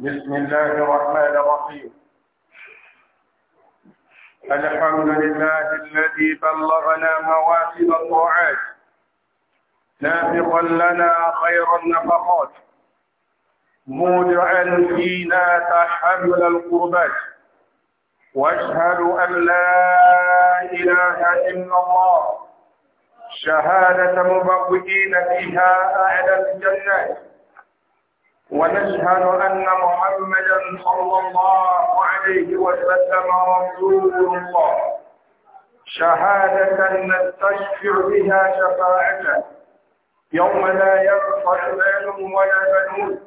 بسم الله الرحمن الرحيم الحمد لله الذي بلغنا مواسم الطاعات نافقا لنا خير النفقات مودعا فينا تحمل القربات واشهد ان لا اله الا الله شهاده مبوئين فيها اعلى الجنات ونشهد أن محمدا صلى الله عليه وسلم رسول الله شهادة نستشفع بها شفاعته يوم لا يرفع مال ولا بنون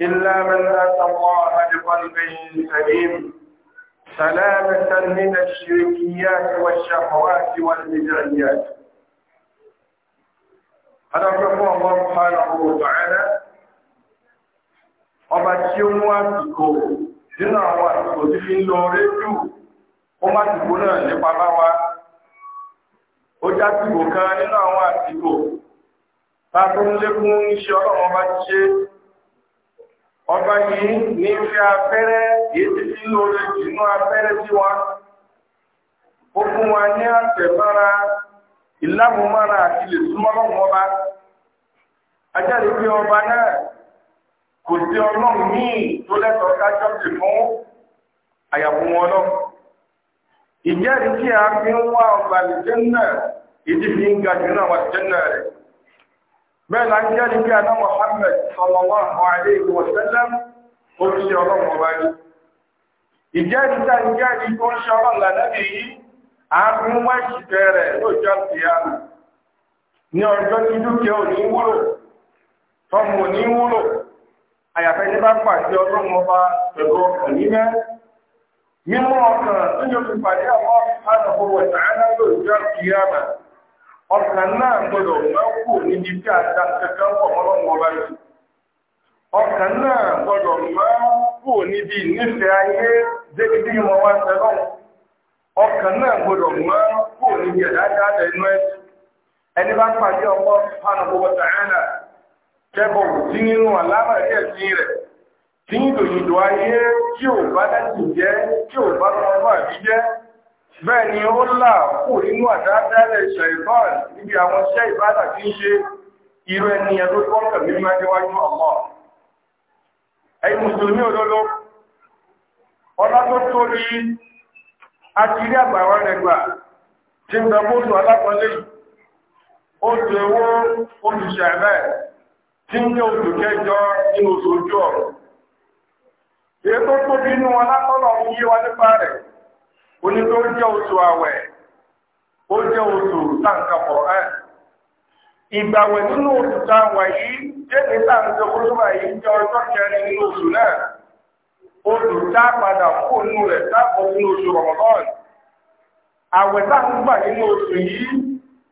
إلا من أتى الله بقلب سليم سلامة من الشركيات والشهوات والبدعيات. أنا الله سبحانه وتعالى ọba tí ó mú àsìkò nínú àwọn àsìkò tí fi ń lọ rédíò ó má sìkò náà nípa bá wa ó jásìkò kan nínú àwọn àsìkò ta tó ń lékún iṣẹ́ ọlọ́run ọba ti ṣe ọba yìí ní fi abẹ́rẹ́ èyí tí fi ń lọ rẹ̀ jùlọ abẹ́rẹ́ sí wa ó fún wa ní àtẹ̀mára ìlàmúmára àti lè súnmọ́ lọ́wọ́ ọba ajáde pé ọba náà kò sí ọlọ́run míì tó lẹ́tọ̀ọ́ kájọ́ sí fún àyàfún wọn lọ. ìjẹ́rìí tí a fi ń wá ọgbà ìjẹ́nà ìdí fi ń ga jù náà wà ìjẹ́nà rẹ̀. bẹ́ẹ̀ la ń jẹ́rìí bí Muhammad sallallahu alaihi wa sallam ó ń ṣe ọlọ́run ọba yìí. ìjẹ́rìí tá ń jẹ́rìí tó ń ṣe ọlọ́run lànàbì yìí a fi ń wá tọ́mù ní wúlò àyàfẹ́ ní bá pàdé ọlọ́run ọba pẹ̀lú ọkàn nímẹ́ mímọ́ ọkàn tó yọ fi pàdé àwọn àdàbọ̀ wẹ̀tàánà yóò jẹ́ ìyáàmà ọkàn náà gbọdọ̀ máa kú níbi tí a dá kankan pọ̀ mọ́lọ́run ọba yìí ọkàn náà gbọdọ̀ máa kú níbi nífẹ̀ẹ́ ayé débìdí wọn wá sẹ́lọ̀ ọkàn náà gbọdọ̀ máa kú níbi ẹ̀dá dáadáa ẹnu ẹ̀sìn ẹni bá pàdé ọkọ̀ àdàbọ̀ wẹ̀tàánà ṣẹ́bọ̀ tí nínú àlámàrí ẹ̀sìn rẹ̀ tí ń dòyìndò ayé tí ò bá dẹ́sì jẹ́ tí ò bá tọ́lọ́ àbí jẹ́ bẹ́ẹ̀ ni ó là kò nínú àdádálẹ̀ ṣàìbọ́n níbi àwọn iṣẹ́ ìbádà tí ń ṣe irú ẹni ẹ̀dọ́ tọ́kẹ̀ ní májẹ́wájú ọmọ ẹ̀yìn mùsùlùmí òdodo ọlá tó tóbi àtìrí àgbàwà rẹ̀ gbà tí ń bẹ fóònù alákọ̀ọ́lẹ̀ oṣù ewó oṣù ṣẹ̀rẹ̀ tí ń jẹ́ kẹjọ nínú ojú ọ̀rọ̀. Èyí tó tóbi inú wọn látọ́lọ̀ ń yé nípa rẹ̀, ó ní tó jẹ́ oṣù àwẹ̀, ó jẹ́ oṣù sáǹkàpọ̀ ẹ̀. Ìgbàwẹ̀ nínú oṣù táwà yìí, jẹ́ni sáǹkà olúwa yìí jẹ́ ọjọ́ kẹrin nínú oṣù náà. Oṣù padà rẹ̀ nínú oṣù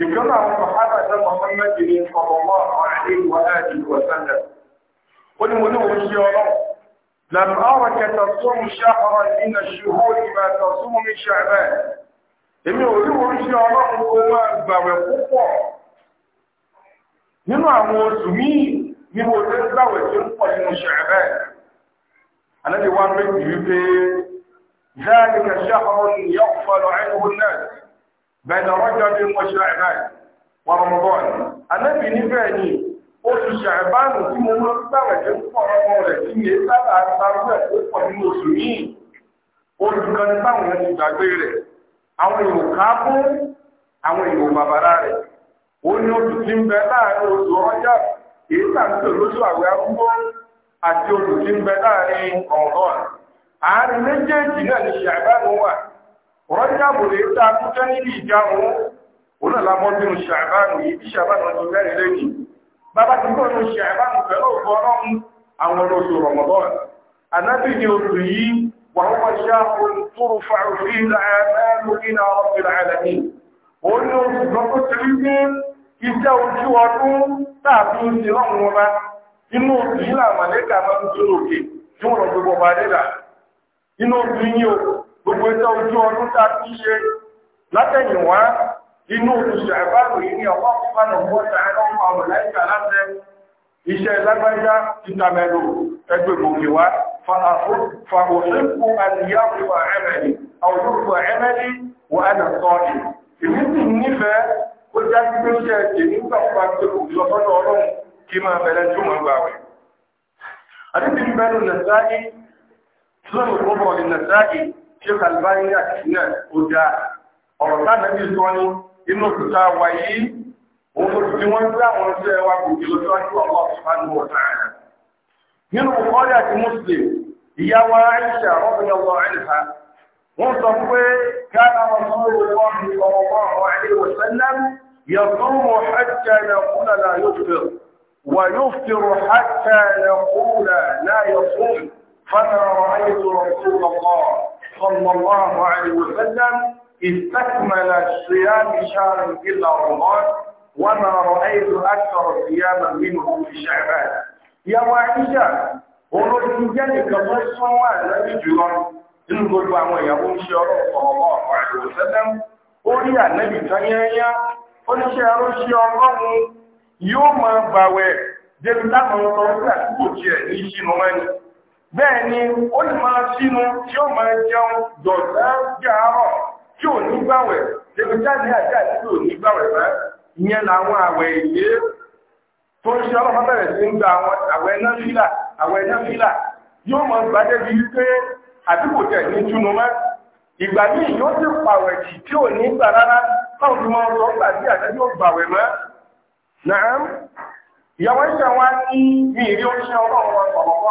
اجتمع صحابة محمد صلى الله عليه وآله وسلم قل ملوه يا رب لم أرك تصوم شهرا من الشهور ما تصوم من شعبان إن ملوه يا رب وما أكبر قوة نما موزمين نما تزاوة قوة من شعبان أنا دي وان بيت ذلك شهر يغفل عنه الناس bẹ̀rẹ̀ ọjọ́ bí mo ṣe ẹ̀ráì wà rọmọbọ́n anábì níbẹ̀ ni oṣù ṣàìbánu tí mo mọ́ sábà jẹ́ púpọ̀ ọmọ rẹ̀ tí mi sábà sábà ó pọ̀ nínú oṣù yìí oṣù kan ní táwọn èèyàn ti gbàgbé rẹ̀ àwọn èèyàn ká fún àwọn èèyàn bàbára rẹ̀ ó ní oṣù tí ń bẹ láàrin oṣù ọjà èyí tàbí lóṣù àwẹ̀ arúgbó àti oṣù tí ń bẹ láàrin ọ̀rọ̀ àárín méjèèjì náà ni ṣàìbánu wà rọ́jàbù lè ta kújọ́ níbi ìjámu òun náà lámọ́ bínú ṣàbánù yìí bí ṣàbánù ti bẹ́rẹ̀ lẹ́yìn bàbá ti kọ́ ní ṣàbánù pẹ̀lú òkú ọlọ́run àwọn olóṣù rọmọdọ́n anábì ni oṣù yìí wà wọ́n ṣá ohun tó rò fa òfin láàárọ̀ iná ọ̀fìn àlàní òun ni oṣù lọ́kọ́ gbogbo ẹjọ́ ojú ọdún tá a ti ṣe látẹ̀yìnwá inú oṣù àbáwò yìí ni ọ̀pọ̀ fífànà mọ́ta ẹlọ́pàá ọmọ láìka láti iṣẹ́ lágbájá títàmẹ́lò ẹgbẹ́ gòkè wá fàwọ̀sẹ́kù àníyàwó ẹ̀mẹ́lì àwòrúkọ ẹ̀mẹ́lì wà á nà sọ́ọ̀lì èmi sì nífẹ̀ẹ́ ó já sí pé iṣẹ́ èmi gbàgbà pé òjòsọ́dọ̀ ọlọ́run kí máa bẹ̀rẹ̀ tí ó máa gbà wẹ̀. àdébìnrin bẹ́ẹ̀ ló nà sáà ṣe kàlùbáyé àkìsílẹ̀ ó dá ọ̀rọ̀ táàbẹ̀ bí sọ ní inú òkúta wà yìí òun ti wọ́n ń dáwọn iṣẹ́ wa kò jù lọ́jọ́ àjọ ọ̀pọ̀ subhanahu wa ta'ala nínú Bukhari àti Muslim ìyá wa Aisha radiyallahu anha wọ́n sọ pé káàkà wọn sọ ويفطر حتى نقول لا يصوم فما رأيت رسول الله صلى الله عليه وسلم استكمل الصيام شهر إلا رمضان وما رأيت أكثر صياما منه في شعبان يا وعيشة ولكن ذلك ما سوى الذي جرى إن قلت أما يقول شهر صلى الله عليه وسلم قولي النبي تنيايا قل شهر شهر يوم باوي جبت أمر صلى الله عليه وسلم bẹ́ẹ̀ ni ó lè máa sínú tí ó máa jẹun dọ̀tẹ́ gàárọ̀ tí ò ní gbàwẹ̀ tẹ̀gbẹ́jáde àti àti tí ò ní gbàwẹ̀ rẹ̀ ìyẹn làwọn àwẹ̀ èyí tó ń ṣe ọlọ́pàá bẹ̀rẹ̀ sí ń gba àwẹ̀ náà fílà àwẹ̀ náà fílà yóò máa gbàjẹ́ bí wípé àdúgbò tẹ̀ ní túnú mọ́ ìgbà míì yóò ti pàwẹ̀ jì tí ò ní gbà rárá táwọn tó ń sọ gbà ní mi ìrí oníṣẹ́ ọlọ́run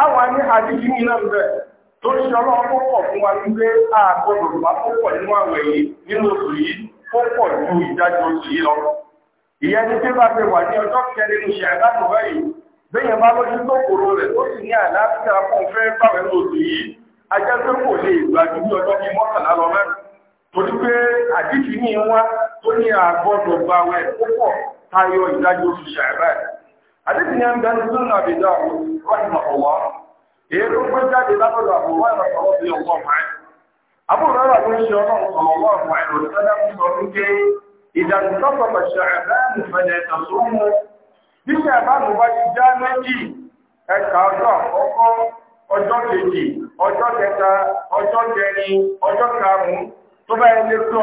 àwọn ní àdíjì ní náà bẹ̀ tó ń ṣe ọlọ́run púpọ̀ fún wa ní pé púpọ̀ nínú ju ìdájọ́ oṣù yìí lọ. ìyẹn ni bá fẹ́ wà ní ọjọ́ kẹrin ní ṣàgbàdùn báyìí bẹ́yẹn bá lójú tó kòrò rẹ̀ tó sì ní àlàáfíà fún fẹ́ báwẹ̀ yìí ajẹ́ kò lè ọjọ́ mọ́kànlá àdébì ni ẹgbẹ́ ní súnà àbìdá rọ́ìmọ̀ ọ̀wọ́ èyí ló gbé jáde látọ̀dọ̀ àbúrò ẹ̀rọ sọ̀rọ̀ sí ọgbọ́n ọjọ́ kejì ọjọ́ kẹta ọjọ́ kẹrin ọjọ́ karùn-ún tó bá ẹni ọjọ́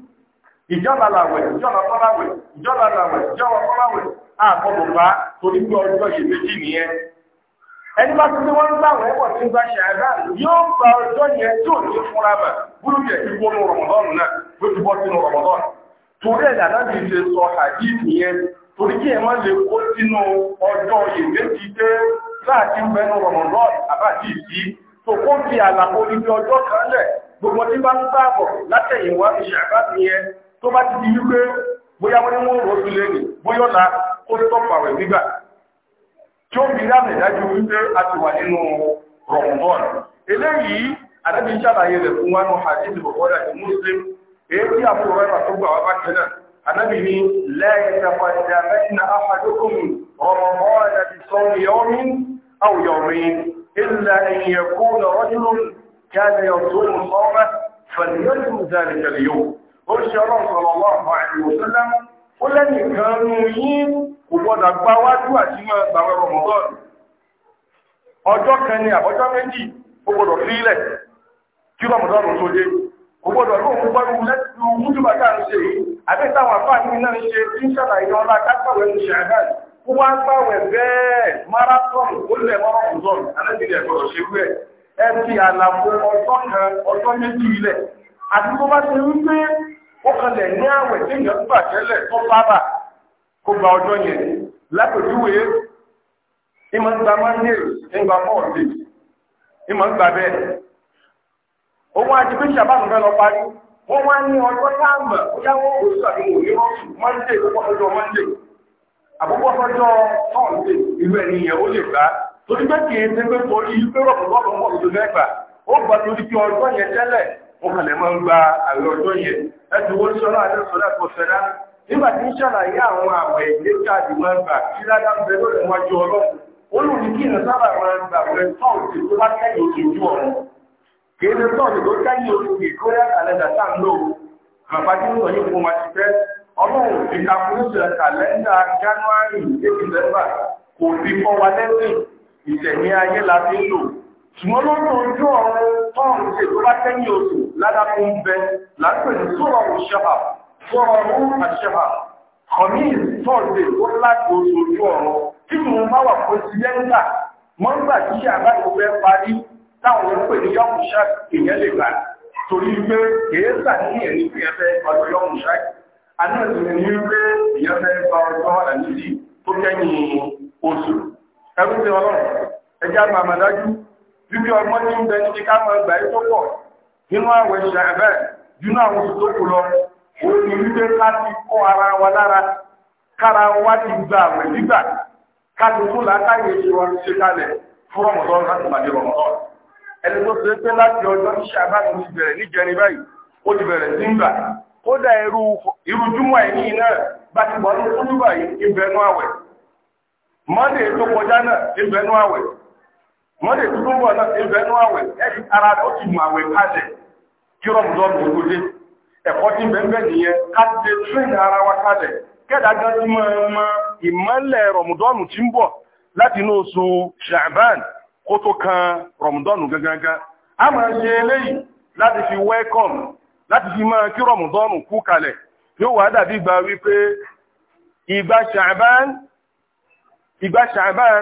ìjọba làwẹ̀ ìjọba fọláwẹ̀ ìjọba làwẹ̀ ìjọba ẹni bá tún ní wọn ń gbàwẹ̀ ẹ̀wọ̀ tí ń gba ṣàdá yóò gba ọjọ́ yẹn tí ò ní fúnra mà búrúkẹ̀ ti wọnú rọmọdọ́nù náà ló ti bọ́ sínú rọmọdọ́nù torí ẹ̀dá náà ṣe sọ hadith yẹn torí kí ẹ má lè kó sínú ọjọ́ ìbejì tó bá ti di wípé bóyá wọ́n ní wọ́n rò ó lé ní bóyá ọ̀la ó tọ́pọ̀ àwẹ̀ nígbà tí ó fi dáàbò ìdájú wípé a ti wà nínú rọ̀mùbọ́ọ̀lù eléyìí àdábì ń ṣàlàyé fún wa hadith bọ̀kọ́dà ní muslim èyí tí àbúrò rẹ̀ tó gbà wá bá tẹ́lẹ̀ àdábì ní lẹ́yìn tẹ̀fà ìdàmẹ́sìnà ahadukum rọ̀mùbọ́ọ̀lù ti sọ yọmin aw yawmin illa an yakuna rajulun kana yasumu sawma ó ṣe ọlọ́ọ̀sọ̀lọ́wọ́ àìwòsílẹ̀ ó lẹ́yìn kan nú yín kò gbọ́dọ̀ gba wájú àti máa gbàwẹ̀ rọmọdọ́ọ̀nù ọjọ́ kan ni àbọ́jọ́ méjì ó gbọ́dọ̀ fílẹ̀ kí rọmọdọ́ọ̀nù tó dé kò gbọ́dọ̀ lóòun gbọ́dọ̀ ń ṣe yìí àbí táwọn àfáàní náà ń ṣe tí ń ṣàlàyé ọlá kápẹ̀wẹ̀ ń ṣe àgbà kó wá gbàwẹ̀ bẹ́ẹ̀ marathon ó lẹ̀ mọ́rọ̀mùsọ̀rọ̀ alẹ́bìnrin ẹ̀gbọ́dọ̀ ṣe wú ẹ̀ ẹ ó kan lẹ̀ ní àwẹ̀ tí èèyàn gbà tẹ́lẹ̀ tó kó gba ọjọ́ yẹn ìmọ̀ ń gba monday ń gba thursday ìmọ̀ ń gba bẹ́ẹ̀ òun àti bí sàbáàmù fẹ́ lọ parí wọ́n wá ní ọjọ́ ní monday ó kọ́ ọjọ́ monday àkókò ọjọ́ ìlú ẹ̀ nìyẹn ó lè torí pé kì í ṣe pé pé ẹ̀sìn wọ́n sọ́lá àdẹ́sọ́lá ẹ̀kọ́ fẹ́lá nígbà tí ń ṣàlàyé àwọn àwẹ̀ ilé káàdì máa ń gbà kí ládá ń bẹ lórí wájú ọlọ́run ó lù ní kí ìrìn sábà máa ń gbà rẹ tọ́ọ̀tì tó bá kẹ́yìn oṣù ju ọ̀run kì í ṣe tọ́ọ̀tì tó kẹ́yìn oṣù kì í kó yá kàlẹ́dà tá ń lò bàbá tí wọ́n yóò fún wa ti fẹ́ ọlọ́run fi kàkúrúṣẹ̀ kàlẹ́ndà January eight December kò fi fọ́ wa lẹ́sìn ìṣẹ̀mí ayé la fi ń lò ṣùgbọ́n lọ́nà ojú ọ̀rọ̀ tọ́rùn ṣe tó bá tẹ́yìn oṣù ládàkún ń bẹ lápẹ̀ ní sọ́rọ̀ òṣèhà sọ́rọ̀ òun àṣèhà kọ̀míìn tọ́ọ̀dẹ̀ ó láti oṣù ojú ọ̀rọ̀ tí mo máa wà fún ti lẹ́ńgà mọ́ngbà tí àbájọ fẹ́ parí táwọn olùpẹ̀ ní yọ́mùṣá èèyàn lè gbà torí pé kèésà ní ẹ̀rí pé ẹfẹ́ ọjọ́ yọ́mùṣá àná ìrìn ní pé èèyàn fẹ́ gba ọjọ́ àníjì tó kẹ́yìn oṣù ẹrú ti ọlọ́run ẹjá máa máa dájú bíbí ọmọ ní ń bẹ níbi ká máa gbà yìí tó pọ̀ nínú àwẹ̀ ṣàbẹ̀ nínú àwọn oṣù tó kù lọ òun ni wípé ká ti kọ́ ara wa lára kára wa ti gba àwẹ̀ nígbà ká ti fún làákàyè ṣe wa ṣe kalẹ̀ fún láti màdé ẹni tó ṣe pé láti ọjọ́ ti bẹ̀rẹ̀ báyìí ó ti bẹ̀rẹ̀ sí ń gbà kódà irú júmọ̀ iná bá ti bọ́ ní fúnúbà ìbẹ̀nú àwẹ̀ mọ́ndé wọ́n lè tún wọ̀ náà ẹgbẹ́ inú àwẹ̀ ẹ̀rí ara rẹ̀ ó ti mọ àwẹ̀ kalẹ̀ kí rọ̀mùdọ́nù gbogbo dé ẹ̀kọ́ tí nìyẹn ara wa kalẹ̀ kẹ́dàgá tí mọ́ ọmọ ìmọ́lẹ̀ rọ̀mùdọ́nù ti ń bọ̀ láti inú oṣù ṣàbán kó tó kan rọ̀mùdọ́nù a máa ṣe eléyìí láti fi wẹ́kọ̀m láti fi máa kí rọ̀mùdọ́nù kú kalẹ̀ yóò wá dàbí gba wípé ìgbà ṣàbán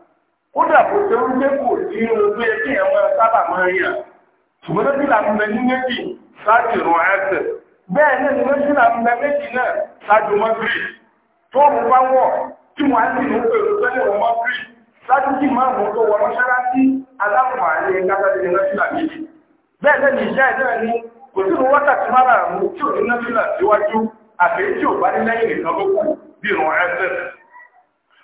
kódà kò ṣe ń gbé kò ní ogún ẹbí ẹ̀wọ̀n sábà máa yàn ṣùgbọ́n ya là ń ní méjì ṣáàjú ìrun ẹsẹ̀ bẹ́ẹ̀ náà ni lójú là méjì náà ṣáàjú mọ́gírì tó mú bá wọ̀ tí wọ́n á sì ń pè ó tẹ́lẹ̀ wọ́n mọ́gírì ṣáàjú kí máa mú tó aláwọ̀ méjì bẹ́ẹ̀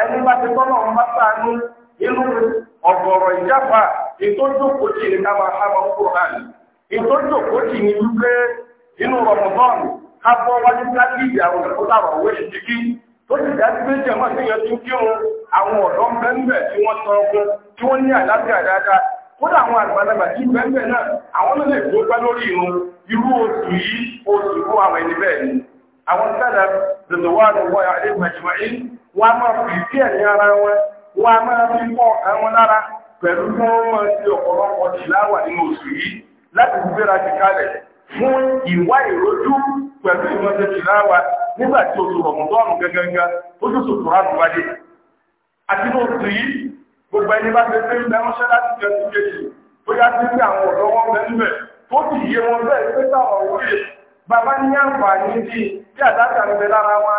ẹni bá ti tọ́lọ̀ ọmọ sáánú inú ọ̀gọ̀rọ̀ ìjápa ìtọ́jú kòjì ní ká máa hábọ̀ kúrò hàn ìtọ́jú kòjì ní wípé inú rọ̀mọ̀tọ́ọ̀nù ká bọ́ wájú láti ìyàwó ìfọ́tàwọ̀ owó ìdíkí tó sì dá sí pé jẹ̀mọ́ sí yẹn tún kí wọn àwọn ọ̀dọ́ ń bẹ́ńbẹ̀ tí wọ́n tọ́ ọkùn tí wọ́n ní àlàáfíà dáadáa kódà àwọn àgbàlagbà tí bẹ́ńbẹ̀ náà àwọn ló lè gbógbá lórí irun irú oṣù yìí oṣù fún àwọn ẹni bẹ́ẹ̀ ni àwọn sáadà zèlówà lọ́wọ́ àdébàjìmáyé wọ́n á máa fi sí ẹ̀yìn ara wọn wọ́n á máa fi mọ́ ọ̀kan wọn lára pẹ̀lú bí wọ́n máa ti ọ̀pọ̀lọpọ̀ tì láwà nínú oṣù yìí láti gbéra ti kalẹ̀ fún ìwá ìrójú pẹ̀lú ìmọ̀tẹ́ tì láwà nígbà tí oṣù rọ̀mọ̀tọ́ọ̀nù gẹ́gẹ́gẹ́ oṣù tó tóra nù wáyé àti ní oṣù yìí gbogbo ẹni bá fẹ́ fẹ́ ń bẹ ránṣẹ́ láti jẹ́ ti kejì ó yá sí pé àwọn ọ̀dọ́ wọn bẹ níbẹ̀ tó sì yé wọn bẹ́ẹ̀ pé táwọn òwe bàbá ní àǹfààní bíi kí àdáta ń bẹ lára wọn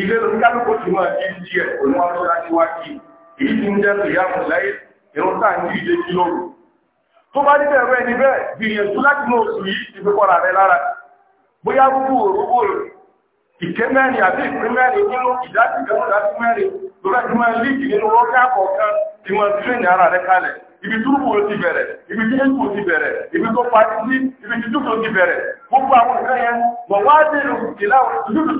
ilé lórí kálùkù tí wọ́n ti ń díẹ̀ oníwọ́n tó dá síwájú èyí tí ń jẹ́ tòyàmù láyé ìrún tá à ń jí ilé kí lóru tó bá ní bẹ̀rẹ̀ ní bẹ́ẹ̀ gbìyànjú láti mọ oṣù yìí ti fi kọ́ra rẹ lára bóyá gbogbo òróró rẹ̀ ìké mẹ́rin ibi túrùmù ó ti bẹ̀rẹ̀ ibi tí ẹ̀kù ó ti bẹ̀rẹ̀ ibi tó parí sí ibi tí túrùmù ó ti bẹ̀rẹ̀ gbogbo àwọn ìfẹ́ yẹn mọ̀ wá nílùú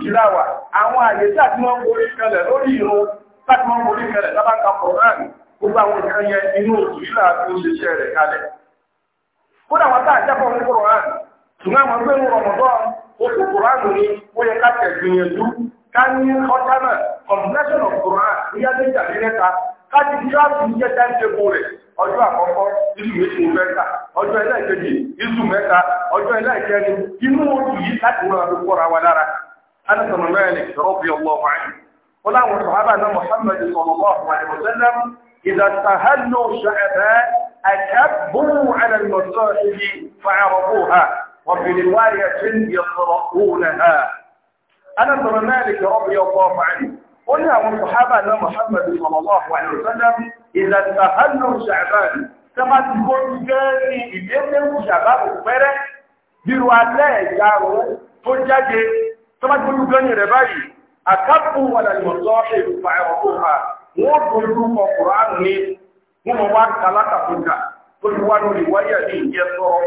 kìláwà àwọn àyè tí àti wọn orí kalẹ̀ lórí ìrún láti wọn orí kalẹ̀ lábáka kọ̀ọ̀rán gbogbo àwọn ìfẹ́ yẹn inú òtù yìí láti ó ṣiṣẹ́ rẹ̀ kalẹ̀ kódà wọn táà jábọ̀ ní kọ̀ọ̀rán ṣùgbọ́n àwọn ní rọmọdán oṣù kọ̀ọ̀rán ni ó ọjọ́ àkọ́kọ́ iṣu ètò mẹ́ta fẹ́ tà ọjọ́ ẹlẹ́ẹ̀kejì iṣu mẹ́ta ọjọ́ ẹlẹ́ẹ̀kẹrin inú ojú yìí láti wọ́n fi kọ́ra wa lára alẹ́sọ̀nà mẹ́rin rọ́bì ọlọ́ọ̀fà yìí ó láwọn ó ní àwọn sàhábà náà Muhammad sallallahu alaihi wasallam ìlànà hàlù ṣàbáàlì sábà ti kó ti gẹ́ ní ìdẹ́gbẹ́wù ṣàbáàlì pẹ́rẹ́ bírò alẹ́ ẹ̀yà rọ̀ tó jáde sábà ti kó ti gẹ́ ní rẹ̀ báyìí àkápù wọ́n mọ̀ wá kálákàkùnkà tó ti wá lórí wáyà ní ìyẹn sọ̀rọ̀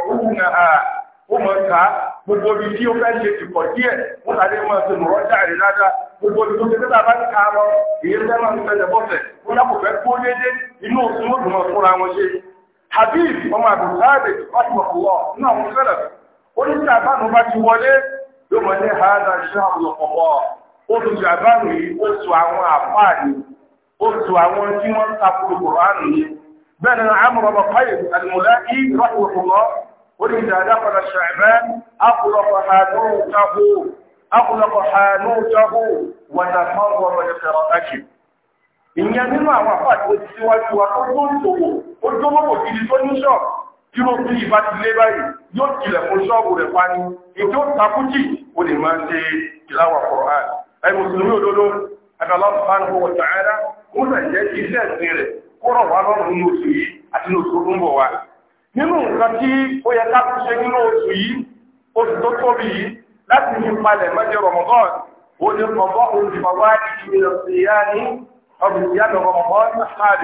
ó mọ̀ ká gbogbo ibi tí ó fẹ́ ṣe ìkọ̀ díẹ̀ ó tàbí mọ̀ sí mọ̀rọ̀ jáde dáadáa gbogbo ibi tó ṣe tó bá ń ká lọ èyí fẹ́ máa ń tẹ̀lẹ̀ bọ́sẹ̀ ó yà kò fẹ́ kó déédé inú òsùn ó dùn mọ̀ fúnra wọn ṣe. habib ọmọ abdulkadir ọ̀tùmọ̀kùwọ̀ nínú àwọn sẹ́lẹ̀ ó ní tí àbánu bá ti wọlé قل إذا دخل الشعبان أغلق حانوته أغلق حانوته وتفرغ لقراءته ìyẹn nínú àwọn àpáàtì ojú síwájú wa tó tó ń tòwò ó jọmọ́bò gidi tó ní ṣọ́ tí ó fi ìbá ti lé báyìí yóò tilẹ̀ fún ṣọ́ọ̀bù rẹ̀ pani ètò takújì ó lè máa ń ṣe ìlàwà Qur'an ẹ mùsùlùmí òdodo adàlọ́ subhanahu wa ta'ala ó rẹ̀ jẹ́ iṣẹ́ ìsìn rẹ̀ kó rọ̀ wá lọ́rùn nínú oṣù yìí àti nínú oṣù tó ń nínú nǹkan tí ó yẹ ká tún nínú oṣù yìí oṣù tó tóbi yìí láti fi palẹ̀ mọ́jẹ́ rọmọgán ó ní kọ̀ọ̀bọ́ olùfọwọ́ ìṣẹ̀lẹ̀ ìyá ní a jẹ tó ya ó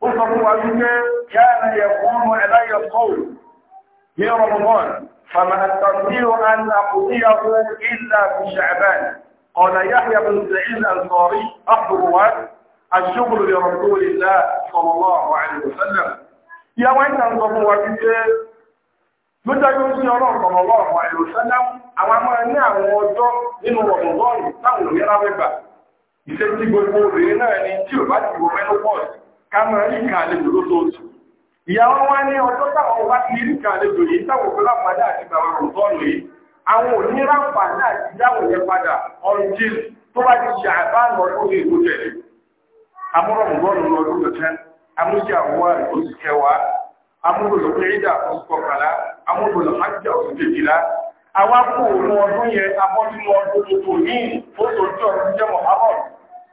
sọ fún wa wípé yára fún ọmọ فما أستطيع أن أقضيه إلا في شعبان قال يحيى بن سعيد الأنصاري أخبر الشكر لرسول الله صلى الله عليه وسلم يا وين تنظر وبيته lójọ́ yóò sí ọlọ́run ọmọ ọlọ́run àìlòsẹ́lá àwọn ọmọ ẹni àwọn ọjọ́ nínú ọ̀dọ̀dọ́rùn táwọn òmìnira mẹ́gbà ìṣẹ́ tí gbogbo obìnrin náà ni tí ò bá ti wọ mẹ́lú pọ̀ ká máa rí ìkàlẹ̀ lóṣooṣù ìyàwó wá ní ọjọ́ táwọn wá ti rí kan àlejò yìí táwọn òfin láǹfààní àti bàbá rọ̀tọ́ọ̀nù yìí àwọn òní láǹfààní àti dáwò yẹn padà ọ̀rùnjìn tó bá ti ṣe àbáàlọ́ lórí ìlú tẹ̀lé amúrọ̀mùgbọ́nù lọ́dún kẹtẹ́ amúṣe àwọn oṣù kẹwàá amúròlò kẹrìdà oṣù kọkànlá amúròlò hajjá oṣù kejìlá àwọn akóòrùn ọdún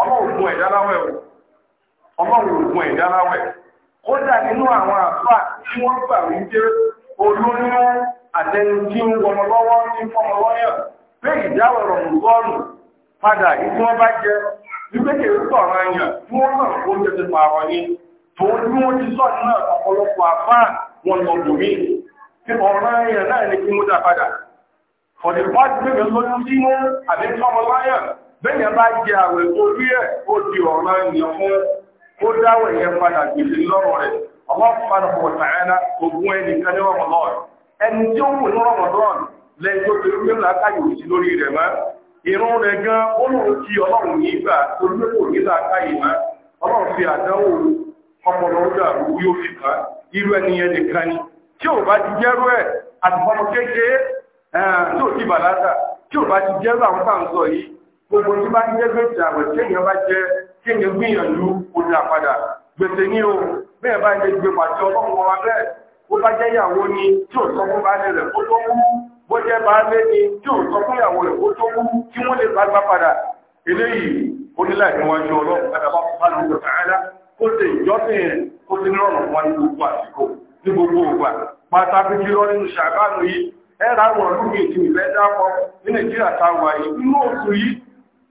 ọmọ ògùn ẹ̀dá láwẹ̀ o ọmọ ògùn ẹ̀dá láwẹ̀ kódà nínú àwọn àfà tí wọ́n gbà wípé olóyún àtẹni tí ń wọmọ lọ́wọ́ ní fọmọ lọ́yàn pé ìdáwọ̀ rọ̀mùgọ́ọ̀nù padà ìtí wọ́n bá jẹ wípé kèrè sọ̀rọ̀ ẹ̀yàn tí wọ́n náà kó jẹ́ ti pààrọ̀ yìí tòun tí wọ́n ti sọ̀ náà ọ̀pọ̀lọpọ̀ àfà wọn lọ bò mí tí ọ̀rọ̀ ẹ̀yàn náà ní kí mú dá padà for the first time lóyún sínú àbí fọmọ lọ́yàn bẹ́ẹ̀ bá jẹ àwẹ̀ tó rí ẹ̀ ó di ọ̀ràn ènìyàn fún ó dáwọ̀ yẹn padà gbèsè lọ́rùn rẹ̀ ọ̀wọ́ padà bọ̀ tààrà ogún ẹnìkan ní rọmọdọ́ọ̀n ẹni tí ó wù ní rọmọdọ́ọ̀n lẹ́yìn tó ti rí mímú lákàyè òsì lórí rẹ̀ mọ́ irun rẹ̀ gan ó lóun ti ọlọ́run ní ìgbà tó ló kò ní lákàyè mọ́ ọlọ́run fi àdánwò ọpọlọ ọjà rú yóò fi kàn irú ẹni yẹn nìkan ni tí ò bá ti jẹ́rú ẹ̀ àtìfọmọ kékeré tí ò ti bàlágà tí ò bá ti jẹ́rú àwọn tá à ń sọ yìí gbogbo tí bá ń jẹ́ gbèsè àwẹ̀ kéèyàn bá jẹ́ kéèyàn gbìyànjú ojú àpadà gbèsè ní o bẹ́ẹ̀ bá ilé gbé pàtí ọlọ́run wọn bẹ́ẹ̀ bó bá jẹ́ ìyàwó ni tí ò sọ fún baálé rẹ̀ kó tó kú bó jẹ́ baálé ni tí ò sọ fún ìyàwó rẹ̀ kó tó kú kí wọ́n lè bá gbá padà eléyìí oníláì níwájú ọlọ́run padà bá fún báàlú ọjọ́ tààlà kó ṣe ìjọsìn rẹ̀ kó ṣe nírọ̀rùn wọn ní gbogbo àsìkò ní gbogbo ògbà pàtàkì jùlọ nínú ṣàbánu yìí ẹ̀rọ àwọn ọdún mi ti ìfẹ́ dápọ̀ ní nàìjíríà táwa yìí nínú òkú yìí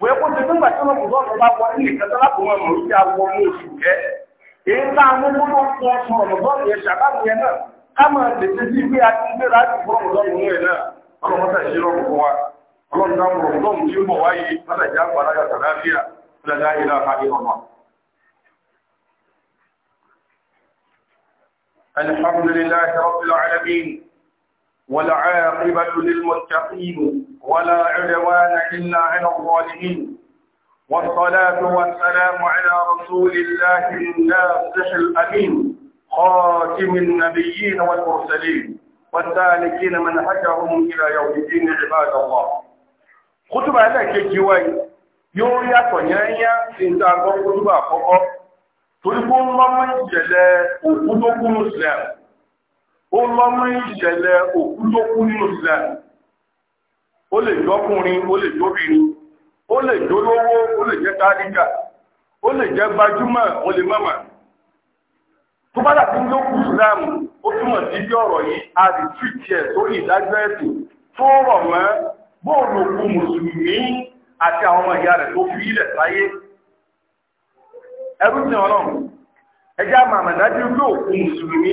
wọ́n kó ṣe nígbà tí wọ́n kò sọ́ọ̀tún bá wọlé nìkan tó lápò wọn mọ̀ wípé àwọn ọmọ oṣù jẹ́ èyí tá a mú múlò fún ọmọ ọmọdọ́nù yẹn ṣàbámu yẹn náà ká máa tètè sí pé a ti gbéra ti fún ọmọdọ́nù yẹn náà ọlọ́mọdé ṣe lọ́rùn fún wa ọlọ́run dáhùn ọmọdọ́nù tí ó bọ̀ wáyé mọ́tàjà àgbàrá yàtọ̀ láfíà lọ́dá ilé àfáàdé ọmọ. الحمد لله رب العالمين والعاقبة للمتقين ولا عدوان إلا على الظالمين والصلاة والسلام على رسول الله الناصح الأمين خاتم النبيين والمرسلين والسالكين من حجهم إلى يوم الدين عباد الله خطبة لك الجواي yóò yàtọ̀ إن تعبوا خطبة فقط تلقوا الله àkọ́kọ́ torí kó ó lọ́mọ ìṣẹ̀lẹ̀ òkú tó kú nínú ìsìlẹ̀ ó lè jọkùnrin ó lè jóbìnrin ó lè jólówó ó lè jẹ́ tálíkà ó lè jẹ́ gbajúmọ̀ ó lè mọ̀mọ̀ tó bá dàbí ló kú islam ó túmọ̀ sí bí ọ̀rọ̀ yìí a lè tìtì ẹ̀ sórí ìdájọ́ ẹ̀sìn tó rọ̀ mọ́ bóòlù òkú mùsùlùmí àti àwọn ọmọ ìyá rẹ̀ tó fi ilẹ̀ sáyé ẹrú ti ọlọ́run ẹjẹ́ àmàmàdájú ló òkú mùsùlùmí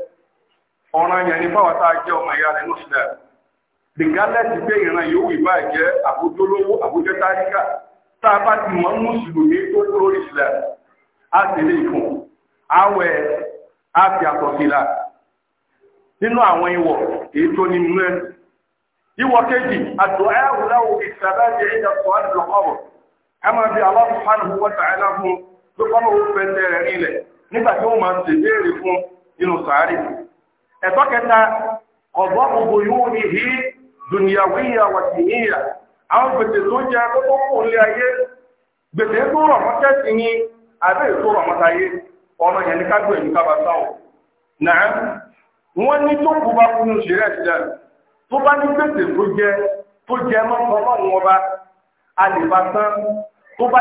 ọ̀ràn yẹn ni báwa tá a jẹ́ ọmọ ìyá rẹ̀ nùsùlẹ̀ dìgálẹ́tì pé ìran yóò wì jẹ́ àbójólówó àbójẹ́ táríkà tá a bá ti mọ̀ mùsùlùmí tó kúrò ìsìlẹ̀ á sì lè fún àwẹ̀ á fi àtọ̀sílà nínú àwọn ìwọ̀ èyí tó ní mú ẹ̀ ìwọ kejì àtò ẹ̀wùláwò ìsàbẹ̀jẹ̀ ìdàpọ̀ àdìlọ́kọ̀rọ̀ ẹ máa bí tó kọ́ mọ̀ ó fẹ́ máa ṣèbéèrè fún inú ẹ̀tọ́ kẹta ọ̀bọ̀ òbòyú ni hí dùnìyàwíyà wà sí níyà àwọn gbèsè tó jẹ kókó kò lé ayé gbèsè tó rọ̀ mọ́tẹ́ sí ni àbẹ́ ètò rọ̀ mọ́tẹ́ ayé yẹn ní kágbó èmi kábà sáwọ̀ wọ́n ní tó kú bá kú ní a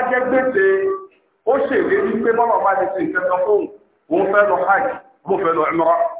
jẹ gbèsè ṣe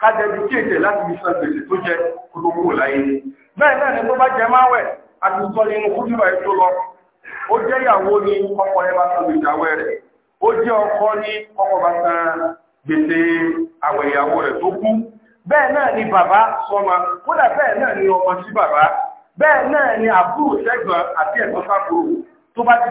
kájẹ bí kí èdè láti fi san gbèsè tó jẹ olówó láyé bẹ́ẹ̀ náà ni tó bá jẹ máa wẹ̀ àti sọ nínú kúndùmọ̀ ẹ̀ tó lọ ó jẹ́ ìyàwó ni ọkọ ẹ bá san rẹ̀ ó jẹ́ ọkọ ni ọkọ bá san gbèsè àwẹ̀ ìyàwó rẹ̀ tó kú bẹ́ẹ̀ náà ni bàbá sọmọ kódà bẹ́ẹ̀ ni ọmọ sí bàbá bẹ́ẹ̀ náà ni àbúrò sẹ́gbọ̀n àti ẹ̀gbọ́n sáfòrò tó bá ti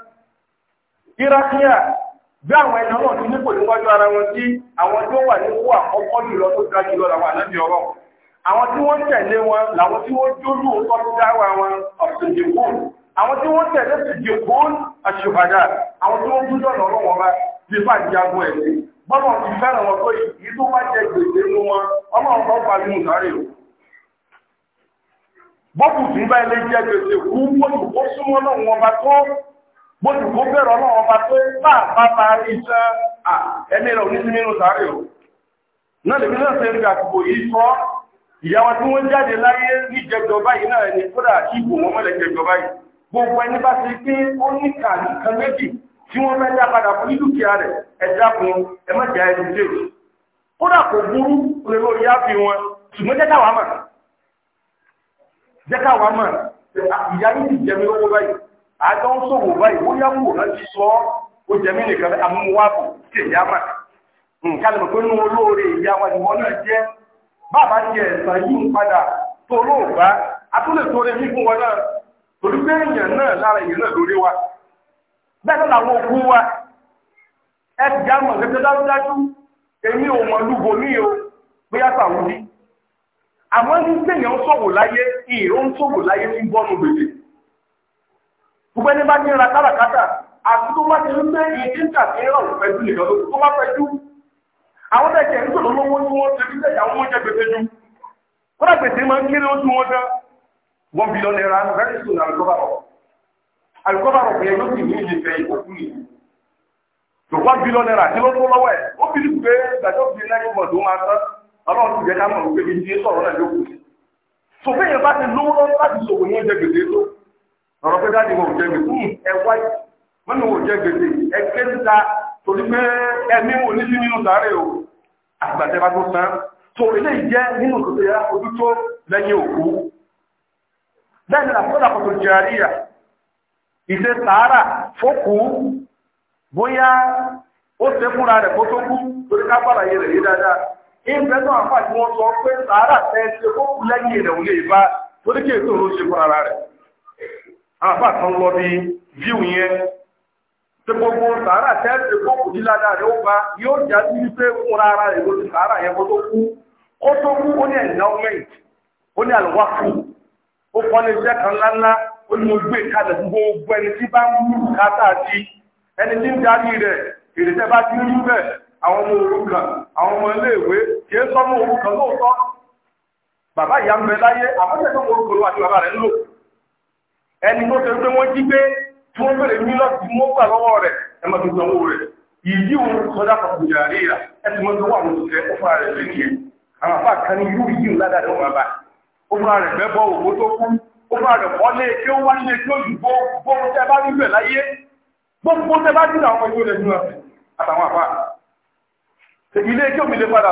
kírákíà bí àwọn ẹni ọlọ́run ti nípò níwájú ara wọn tí àwọn tó wà nípò àkọ́kọ́ jùlọ tó ga jùlọ làwọn ànábì ọ̀rọ̀ àwọn tí wọ́n tẹ̀lé wọn làwọn tí wọ́n jólú ọ̀tọ́ tó dáwà wọn ọ̀sìndìkú àwọn tí wọ́n tẹ̀lé ṣìdìkú àṣùhàdà àwọn tí wọ́n gúdọ̀ lọ́rọ̀ wọn bá bí bá jagun ẹ̀sìn bọ́lọ̀ ti fẹ́ràn wọn tó yìí tó bá jẹ gbèsè nú wọn ọmọ ọmọ ọgbà nínú sáré o bọ́kù tún bá ilé jẹ gbèsè kú wọ́n tó súnmọ́ náà wọn bá tó bó ti kó bẹ̀rọ náà ọba pé bá bá bá rí iṣẹ́ ẹni rẹ̀ oníṣẹ́ nínú sáré o náà lèmi náà ṣe ń ga àsìkò yìí sọ ìyàwó tí wọ́n jáde láyé ní jẹjọ báyìí náà ni kódà ìbò wọn mọ́lẹ̀ jẹjọ báyìí gbogbo ẹni bá ti pé ó ní kàní kan méjì tí wọ́n fẹ́ dá padà fún dúkìá rẹ̀ ẹ dákun ẹ má jà ẹni dé kódà kò burú lè lọ yá fi wọn ṣùgbọ́n jẹ́ káwa mọ̀ jẹ́ káwa mọ̀ ìyá yìí ti jẹ mi lówó báyìí àjọ ń sòwò báyìí wọ́n yá wò náà ti sọ ó jẹ mí nìkan amúwábù tí èyí á nǹkan lè pé olóore ìyá wa ìwọ náà jẹ bàbá jẹ ẹ̀sán ń padà atúlẹ̀ wọn náà èèyàn náà lára wa bẹ́ẹ̀ náà làwọn wa ẹ ti já mọ̀ gẹ́gẹ́ dájúdájú èmi ò mọ̀ lúbo mí o bóyá sàwùdí àmọ́ ní láyé ìró ń gbogbo ẹni bá ní ra káràkátà àti tó bá ti ń gbé ìdí níta sí ìrọ̀rùn pẹ̀lú nìkan ló tó bá àwọn ń wọ́n ti ju. kódà gbèsè máa ń kéré ó ju wọn dán. wọ́n ọ̀rọ̀ pé dáàdì wò jẹ́ gbèsè hmm. ẹ wáyé wọ́n jẹ́ gbèsè ẹ ké torí pé nínú o tó san tó ilé ìjẹ́ nínú ìkòtò yẹn ojú tó lẹ́yìn òkú bẹ́ẹ̀ ni àkọ́dà ìṣe sàárà fókù bóyá ó ṣe fúnra rẹ̀ kó tó kú torí rẹ̀ yé dáadáa sọ pé sàárà tẹ́ ṣe fókù lẹ́yìn àbá kan lọ bí víu yẹn tí gbogbo sàárà tẹ́ẹ̀sì gbogbo nílàdà rẹ̀ ó bá yóò já sí wípé fúnra ara rẹ̀ ló ti sàárà yẹn kó tó kú ó tó kú ó ní endowment ó ní àlùwáfù ó kọ́ ní iṣẹ́ kan ńláńlá ó ní mo gbé kalẹ̀ fún gbogbo ẹni tí bá ń mú kátà sí ẹni tí ń darí rẹ̀ èrèsẹ́ bá ti rí bẹ́ẹ̀ àwọn ọmọ òrukàn àwọn ọmọ iléèwé kì í sọ́mọ òrukàn lóòótọ́ bàbá ìyá ń bẹ láyé àbọ̀jẹ̀ tó mọ orúkọ ló wà ní bàbá rẹ̀ ń lò ẹni tó ṣe pé wọ́n jí gbé tí wọ́n bèrè mílíọ̀tì mọ́ gbà lọ́wọ́ rẹ̀ ẹ máa fi sanwó rẹ̀ ìdí òun sọdá kan jàrá rí rà ẹ ti mọ́ tó wà lóṣù tẹ ó fara rẹ̀ lẹ́yìn ẹ̀ àwọn àbá kan ní irú yìí ńlá dáadáa wọn bá ó fara rẹ̀ bẹ́ bọ́ òwò tó kú ó fara rẹ̀ bọ́ lé kí ó wá nílé kí ó yù bó bó tẹ bá nílò ẹ̀ láyé gbogbo tẹ bá nílò àwọn ìlú rẹ̀ nínú àtàwọn àbá ilé kí òmìnira padà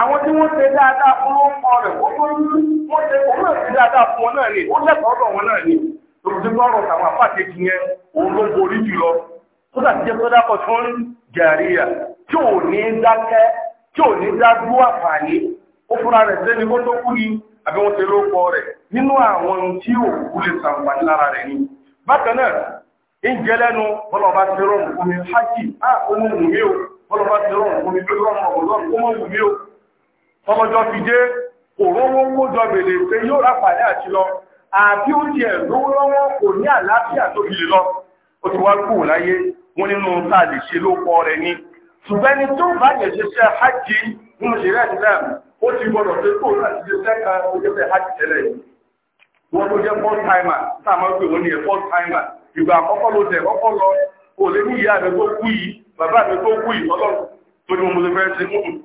àwọn tí wọ́n ṣe dáadáa fún ọmọ rẹ̀ wọ́n tó ń wọ́n ṣe òun náà ṣe dáadáa fún wọn náà ni ó lẹ́kọ̀ọ́ lọ wọn náà ni tòkùtì lọ́rọ̀ tàwọn àpáàtì ti yẹn òun ló borí jù lọ tó dà jẹ́ sọ́dá kan tó ń jàríyà tí ò ní dákẹ́ tí ò ní dádú àǹfààní ó fúnra rẹ̀ sẹ́ni kó tó kú ni àbí wọ́n ṣe ló kọ rẹ̀ nínú àwọn tí ò kú lè sàǹfààní lára rẹ̀ ni bákan náà ń jẹ́ lẹ́nu bọ́lọ́ba ti rọrùn fún mi hájì á ó mú wù mí o bọ́lọ́ba ti rọrùn fún mi pé rọrùn ọ̀gbọ̀n lọ́rùn ó mọ̀ wù mí o ọmọjọ́ fi dé òróró ń mójọ gbèlè pé yóò rápàdé àti lọ àbí ó ti ẹ̀rọ lọ́wọ́ kò ní àlàáfíà tó fi lè lọ ó ti wá kú láyé wọn nínú tá a lè ṣe ló pọ̀ rẹ̀ ni ṣùgbọ́n ẹni tó bá yẹ̀ ṣe ṣe hajj nínú ṣẹlẹ̀ Islam ó ti gbọdọ̀ pé kó láti ṣe sẹ́ka ojúṣe hajj tẹ́lẹ̀ wọn ló jẹ́ first timer tá a máa ń pè wọ́n ní ẹ̀ first timer ìgbà àkọ́kọ́ ló tẹ̀ kọ́kọ́ lọ kò lè ní ìyá rẹ̀ tó kú yìí bàbá rẹ̀ tó kú yìí ọlọ́run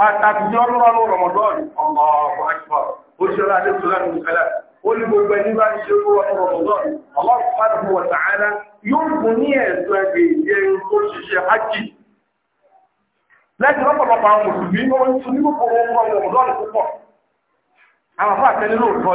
pàtàkì jọ lọ́rọ̀ rọmọdọ́ọ̀nù ọmọ ọ̀pọ̀ àṣìpọ̀ ó ṣe rà ní ìtùlẹ́nu ìfẹ́lẹ́ ó ní gbogbo ẹni bá ń ṣe ó rọ rọmọdọ́ọ̀nù ọlọ́run pàtàkì wọ̀ tààlà yóò fún ní ẹ̀sùn ẹgbẹ̀ ìyẹn tó ṣiṣẹ́ hajj lẹ́yìn lọ́pọ̀lọpọ̀ àwọn mùsùlùmí ó ń tún ní gbogbo ohun ọmọ rọmọdọ́ọ̀nù púpọ̀ àwọn afọ àtẹni lóòótọ́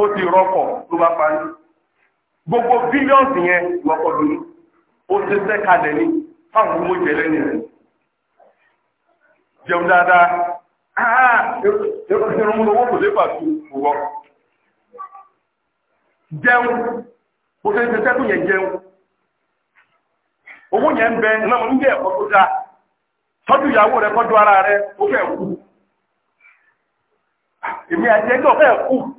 ó ti rọ́pọ̀ ló bá parí gbogbo bílíọ̀nù yẹn lọ́pọ̀ dúró ó ti sẹ́kalẹ̀ ní fáwọn owó jẹ lẹ́yìn rẹ̀ jẹun dáadáa irun lówó kò lè pàtó òwò jẹun bó ṣe ń tó yẹn jẹun owó yẹn ń bẹ náà ń tọ́jú ìyàwó ara ó fẹ́ kú èmi àti ẹgbẹ́ ọ̀fẹ́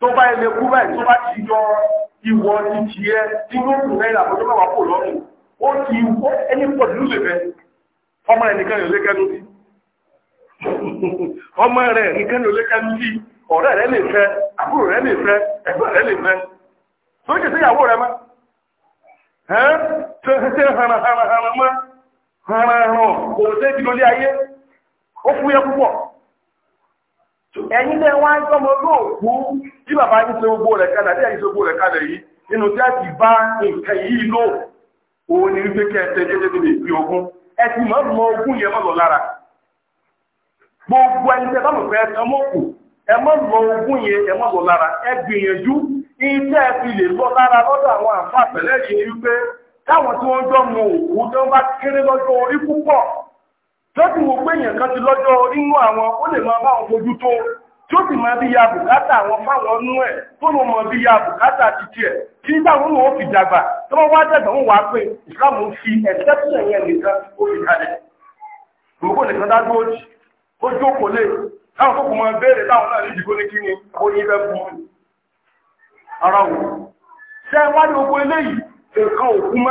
tó bá ilé kú báyìí tó bá ti yọ ìwọ ti ti ẹ tí ó kù náírà kó tó mẹ́wàá kò lọ́rùn ó ti wọ́ ẹni pọ̀ nínú lè fẹ́ ọmọ rẹ̀ nìkan lè kẹ́nu sí ọmọ rẹ̀ nìkan lè kẹ́nu sí ọ̀rẹ́ rẹ̀ lè fẹ́ àbúrò rẹ̀ lè fẹ́ ẹ̀gbọ́n rẹ̀ lè fẹ́ tó ń ṣe síyàwó rẹ̀ mọ́ ẹ́ tó ń ṣe sí hànàhànà mọ́ hànàhàn kò sí ìdílé ayé ó fúyẹ́ púpọ̀ ẹ̀yin lẹ́ wá ń tọ́mọ lóòkú bí bàbá yìí ṣe gbogbo rẹ̀ kalẹ̀ àdéhà yìí ṣe gbogbo rẹ̀ kalẹ̀ yìí nínú tí a ti bá nǹkan yìí lò òun ni wípé kẹ́ ẹ tẹ́ dédé dédé ìpín ogún ẹ ti mọ̀ mọ ogún yẹn mọ̀ lọ lára gbogbo ẹni tẹ́ bá mọ̀ fẹ́ ẹ mọ̀ kù ẹ mọ̀ lọ ogún yẹn ẹ mọ̀ lọ lára ẹ gbìyànjú iṣẹ́ ẹ fi lè lọ lára lọ́dọ̀ àwọn àǹfààní pẹ̀lẹ́ wípé táwọn tí wọ́n jọ mọ òkú tí wọ́n bá kéré lọ́jọ́ orí púpọ̀ lọ́tí wo pé èèyàn kan ti lọ́jọ́ inú àwọn ó lè máa bá wọn fojú tó tí ó sì máa bí ya bùkátà àwọn fáwọn nú ẹ̀ tó ló mọ bí ya bùkátà ti tiẹ̀ kí nígbà wọn fi dàgbà tó wá wọn nìkan ó gbogbo nìkan ó béèrè táwọn ni ó fún mi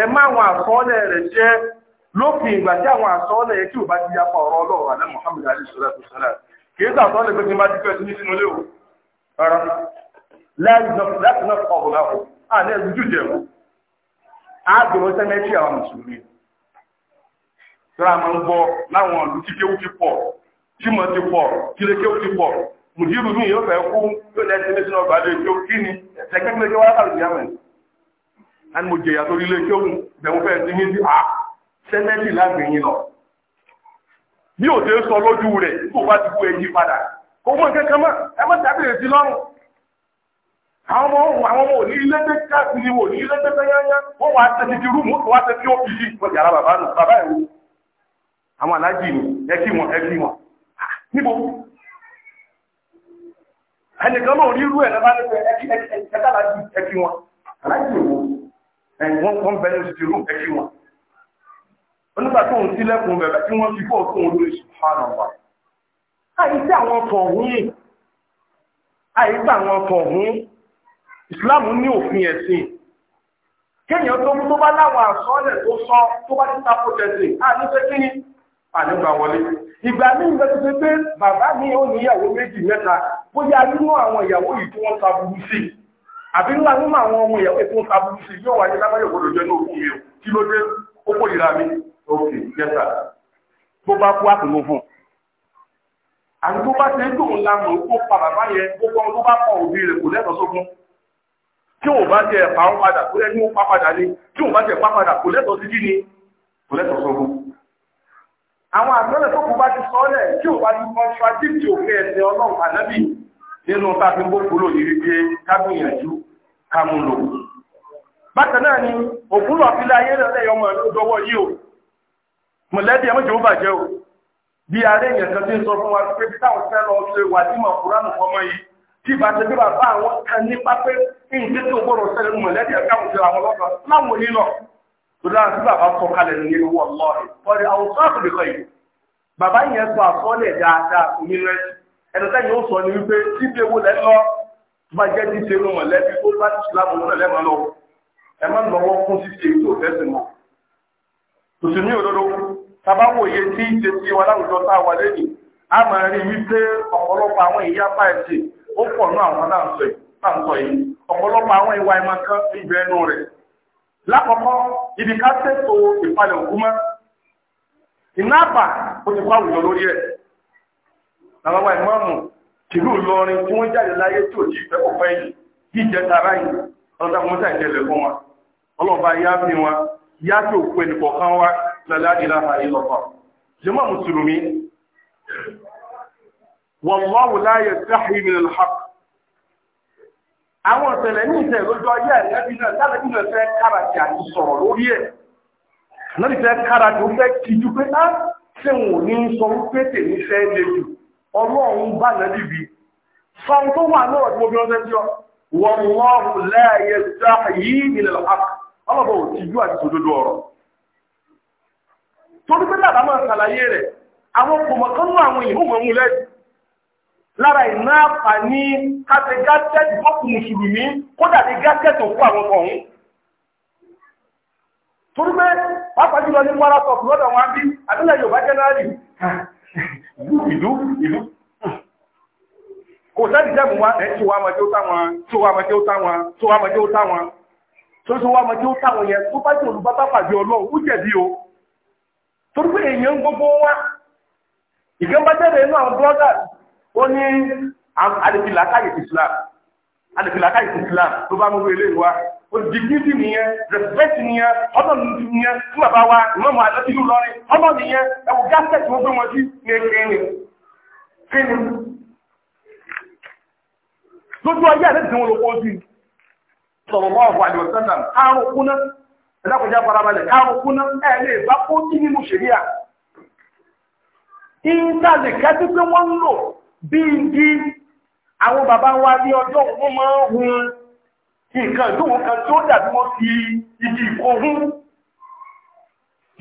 ẹ má àwọn àsọ́ọ́lẹ̀ rẹ̀ jẹ́ lópin ìgbà tí àwọn àsọ́ọ́lẹ̀ yẹ kí ò bá ti yapa ọ̀rọ̀ ọlọ́run àná Muhammad ali sọ́lá tó sọ́lá kì í sọ àsọ́ọ́lẹ̀ pé kí n bá ti fẹ́ sí ní sínú ilé o rárá láti náà kọ̀ ọ̀bùnà o à ní ẹ̀sùn jù jẹ̀wò á dòrò sẹ́mẹ́tì àwọn mùsùlùmí tó a máa ń gbọ́ láwọn ìlú tí kéwú ti pọ̀ tí mọ̀ ti pọ̀ tí lè kéwú ti pọ̀ mùdírù mi yóò fẹ́ kú yóò lẹ́sìn àni mo jẹ̀yà torí ilé kéwù bẹ̀rù fẹ́ ti yín sí à ah, sẹ́nẹ́tì lágbèyìn lọ. bí ò sọ lójú rẹ̀ bá ti kú ẹyí padà kó mọ̀ kẹ́kẹ́ mọ́ ẹ mọ́ sí lọ́rùn. àwọn ọmọ àwọn ọmọ òní ilé tẹ káàkiri wò ní ilé tẹ fẹ́yányá wọ́n wá tẹ̀sí ti rúùmù wọ́n wá tẹ̀sí ọ́fíìsì wọ́n yàrá bàbá nù bàbá ẹ̀ wò. ni ẹ kí wọn ẹ kí wọn níbo ẹnìkan náà ẹ̀ wọ́n wọ́n bẹ̀rẹ̀ sí ti rún ẹkí wọn onígbà tó ń sílẹ̀kùn bẹ̀rẹ̀ tí wọ́n fi fóòtò òun lórí ṣùgbọ́n wa àìsí àwọn ọkọ̀ ọ̀hún àìsí àwọn ọkọ̀ ọ̀hún ìsìláàmù ní òfin ẹ̀sìn kéèyàn tó mú tó bá láwọn àsọ́ọ̀lẹ̀ tó sọ tó bá títa pọ̀tẹ̀sì àníṣẹ́ kí ni ànígbà wọlé ìgbà ní ìgbà tó ṣe pé bàbá mi ò níyàwó méjì mẹ́ta bóyá nínú àwọn ìyàwó yìí tí wọ́n ta burú sí i àbí ńlá nínú àwọn ọmọ ìyàwó ètò ń taburú sí yóò wáyé lábáyọ̀ gbọdọ̀ jẹ́ ní òkú mi o kí ló dé ó kò ìra mi òkè jẹ́sà tó bá kú àtúnú fún àti tó bá ti ń dùn ńlá mọ̀ ó pa bàbá yẹn gbogbo ọmọ tó bá pọ̀ òbí rẹ̀ kò lẹ́tọ̀ọ́ sókun tí ò bá jẹ ẹ̀fà ń padà tó ẹni ó pa padà ni tí ò bá jẹ pa padà kò lẹ́tọ̀ọ́ sí kí ni kò lẹ́tọ̀ọ́ sókun àwọn àtọ́lẹ̀ tó kù bá ti sọ ọ́ lẹ̀ tí ò bá ti kọ́ nínú tàbí gbókúlò ní wípé kágbìyànjú kámúlò bákan náà ni òkúlò àfilẹ ayé rẹ ọmọ ìlú dọwọ yìí o mọ̀lẹ́bí ẹmọ jòwó bàjẹ́ o bí ààrẹ èèyàn kan tí ń sọ fún wa pé bí táwọn fẹ́ lọ ṣe wà tí mọ̀ kúránù fọmọ yìí tí ìbáṣe bí bàbá àwọn kan nípa pé nǹkan tí ó gbọ́dọ̀ ṣẹlẹ̀ mọ̀lẹ́bí ẹ̀ka òṣèlú àwọn ọlọ́pàá láwọn onílọ lọ́dọ̀ àti bàbá sọ kalẹ̀ ní ewu ọlọ́ọ̀rẹ́ ọ̀rẹ́ àwọn sọ́ọ̀tù bìkọ́ yìí bàbá yẹn sọ àsọ́ọ̀lẹ̀ dáadáa òmìnira ẹ̀sìn ẹnu sẹ́yìn ó sọ ni wípé títí ewu lẹ́ lọ bá jẹ́ títí ewu mọ̀lẹ́bí tó bá ti lábọ̀ lọ́nà lẹ́mọ̀ lọ ẹ má lọ́wọ́ fún títí èyí tó fẹ́ sí mọ́. tòṣùmí òdodo tábà wò yé tí ìṣe tí wa láwùjọ tá a wà lẹ́yìn a máa rí wípé ọ̀pọ̀lọpọ̀ àwọn èyí apá ẹ̀sìn ó pọ̀ nú àwọn náà sọ yìí ọ̀pọ̀lọpọ̀ àwọn ìwà ìmọ̀ kan ibẹ̀ ẹnu rẹ̀ lákọ̀ọ́kọ́ ibi ká tẹ̀tò ìpalẹ̀ òkú mọ́ ìnáàbà ó ti kọ́ àwùjọ lórí ẹ̀ àwọn àwọn ìmọ̀ọ̀mù tìlú Ìlọrin tí wọ́n jáde láyé tí ò jí ìfẹ́ kò pẹ́ yìí jíjẹ tara yìí ọlọ́dà fún mọ́tà ìjẹlẹ̀ fún wa ọlọ́ba yá fi wa yá tí òkú ẹnì kọ̀ọ̀kan wa lálẹ́ àdìlá àyè lọ́pọ̀ jẹ́mọ́ mùsùlùmí wallahu la yastahi min al-haqq àwọn ah, wọn ní sọ wípé tèmi fẹ́ lè jù ọlọ́run bá nàbí bí sọ́n tó wà náà tí mo wọ́n lọ́rùn lẹ́yẹ sáàyí ilẹ̀ àk ọlọ́bọ̀ ò tìjú àti sòdodo ọ̀rọ̀ ṣàlàyé rẹ̀ àwọn àwọn lára iná mùsùlùmí kódà ní àwọn ọ̀hún torí pé jùlọ ní mọ́ra ìlú ìlú kò sẹ́ni jẹ́mù wá ẹ̀ tí wá mọ̀ tí ó táwọn tí wá mọ̀ tí ó táwọn tí wá mọ̀ tí ó táwọn tó tó wá mọ̀ tí ó táwọn yẹn tó bá jẹ́ olùbábá pàdé ọlọ́run ó jẹ̀bi o torí pé èèyàn gbogbo wa ìgbẹ́mbá jẹ́rẹ̀ inú àwọn brọ́dà ó ní àdìfìlà káyè Islam àdìfìlà dignity nìyẹn respect nìyẹn ọ̀nà nìyẹn tí bàbá wa ìmọ̀mù àdọ́tìlú lọ́rin ọ̀nà nìyẹn ẹ̀wù gásẹ̀tì wọ́n gbé wọn sí ní kéènì kéènì lójú ayé àti ìdíwọ̀n ló kọ́ sí sọ̀rọ̀ mọ́ ọ̀fọ̀ àdìwọ̀ sẹ́ńdà àrùn kúná ẹ̀dàkùnjá farabalẹ̀ àrùn kúná ẹ̀ lè bá kó sí nínú ṣẹ̀ríà ìtàlì kẹ́tí pé wọ́n ń lò bíi di àwọn bàbá wa ní ọjọ́ òun máa ń hun nǹkan ìdúnwò kan tí ó dàbí wọ́n fi igi ìkóhún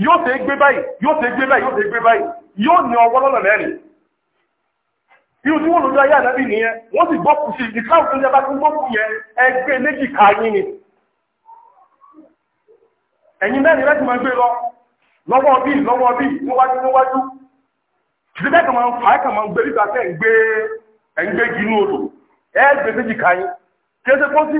yóò ṣe gbé báyìí yóò ṣe gbé báyìí yóò ṣe gbé báyìí yóò ní ọwọ́ lọ́nà mẹ́rin irú tí wọ́n lójú ayé ànábì nìyẹn wọ́n sì gbọ́ kù sí ìdíkà òfin yẹn bá tún gbọ́ kù yẹn ẹgbẹ́ méjì ká yín ni ẹ̀yin mẹ́rin láti máa gbé lọ lọ́wọ́ bíi lọ́wọ́ bíi níwájú níwájú ṣùgbọ́n kàn máa ń fà á kàn máa ń gbé nígbà tẹ́ ń gbé ẹ̀ ń gbé ginú odò ẹ̀ gbé méjì ká yín kí ẹ ṣe kó sí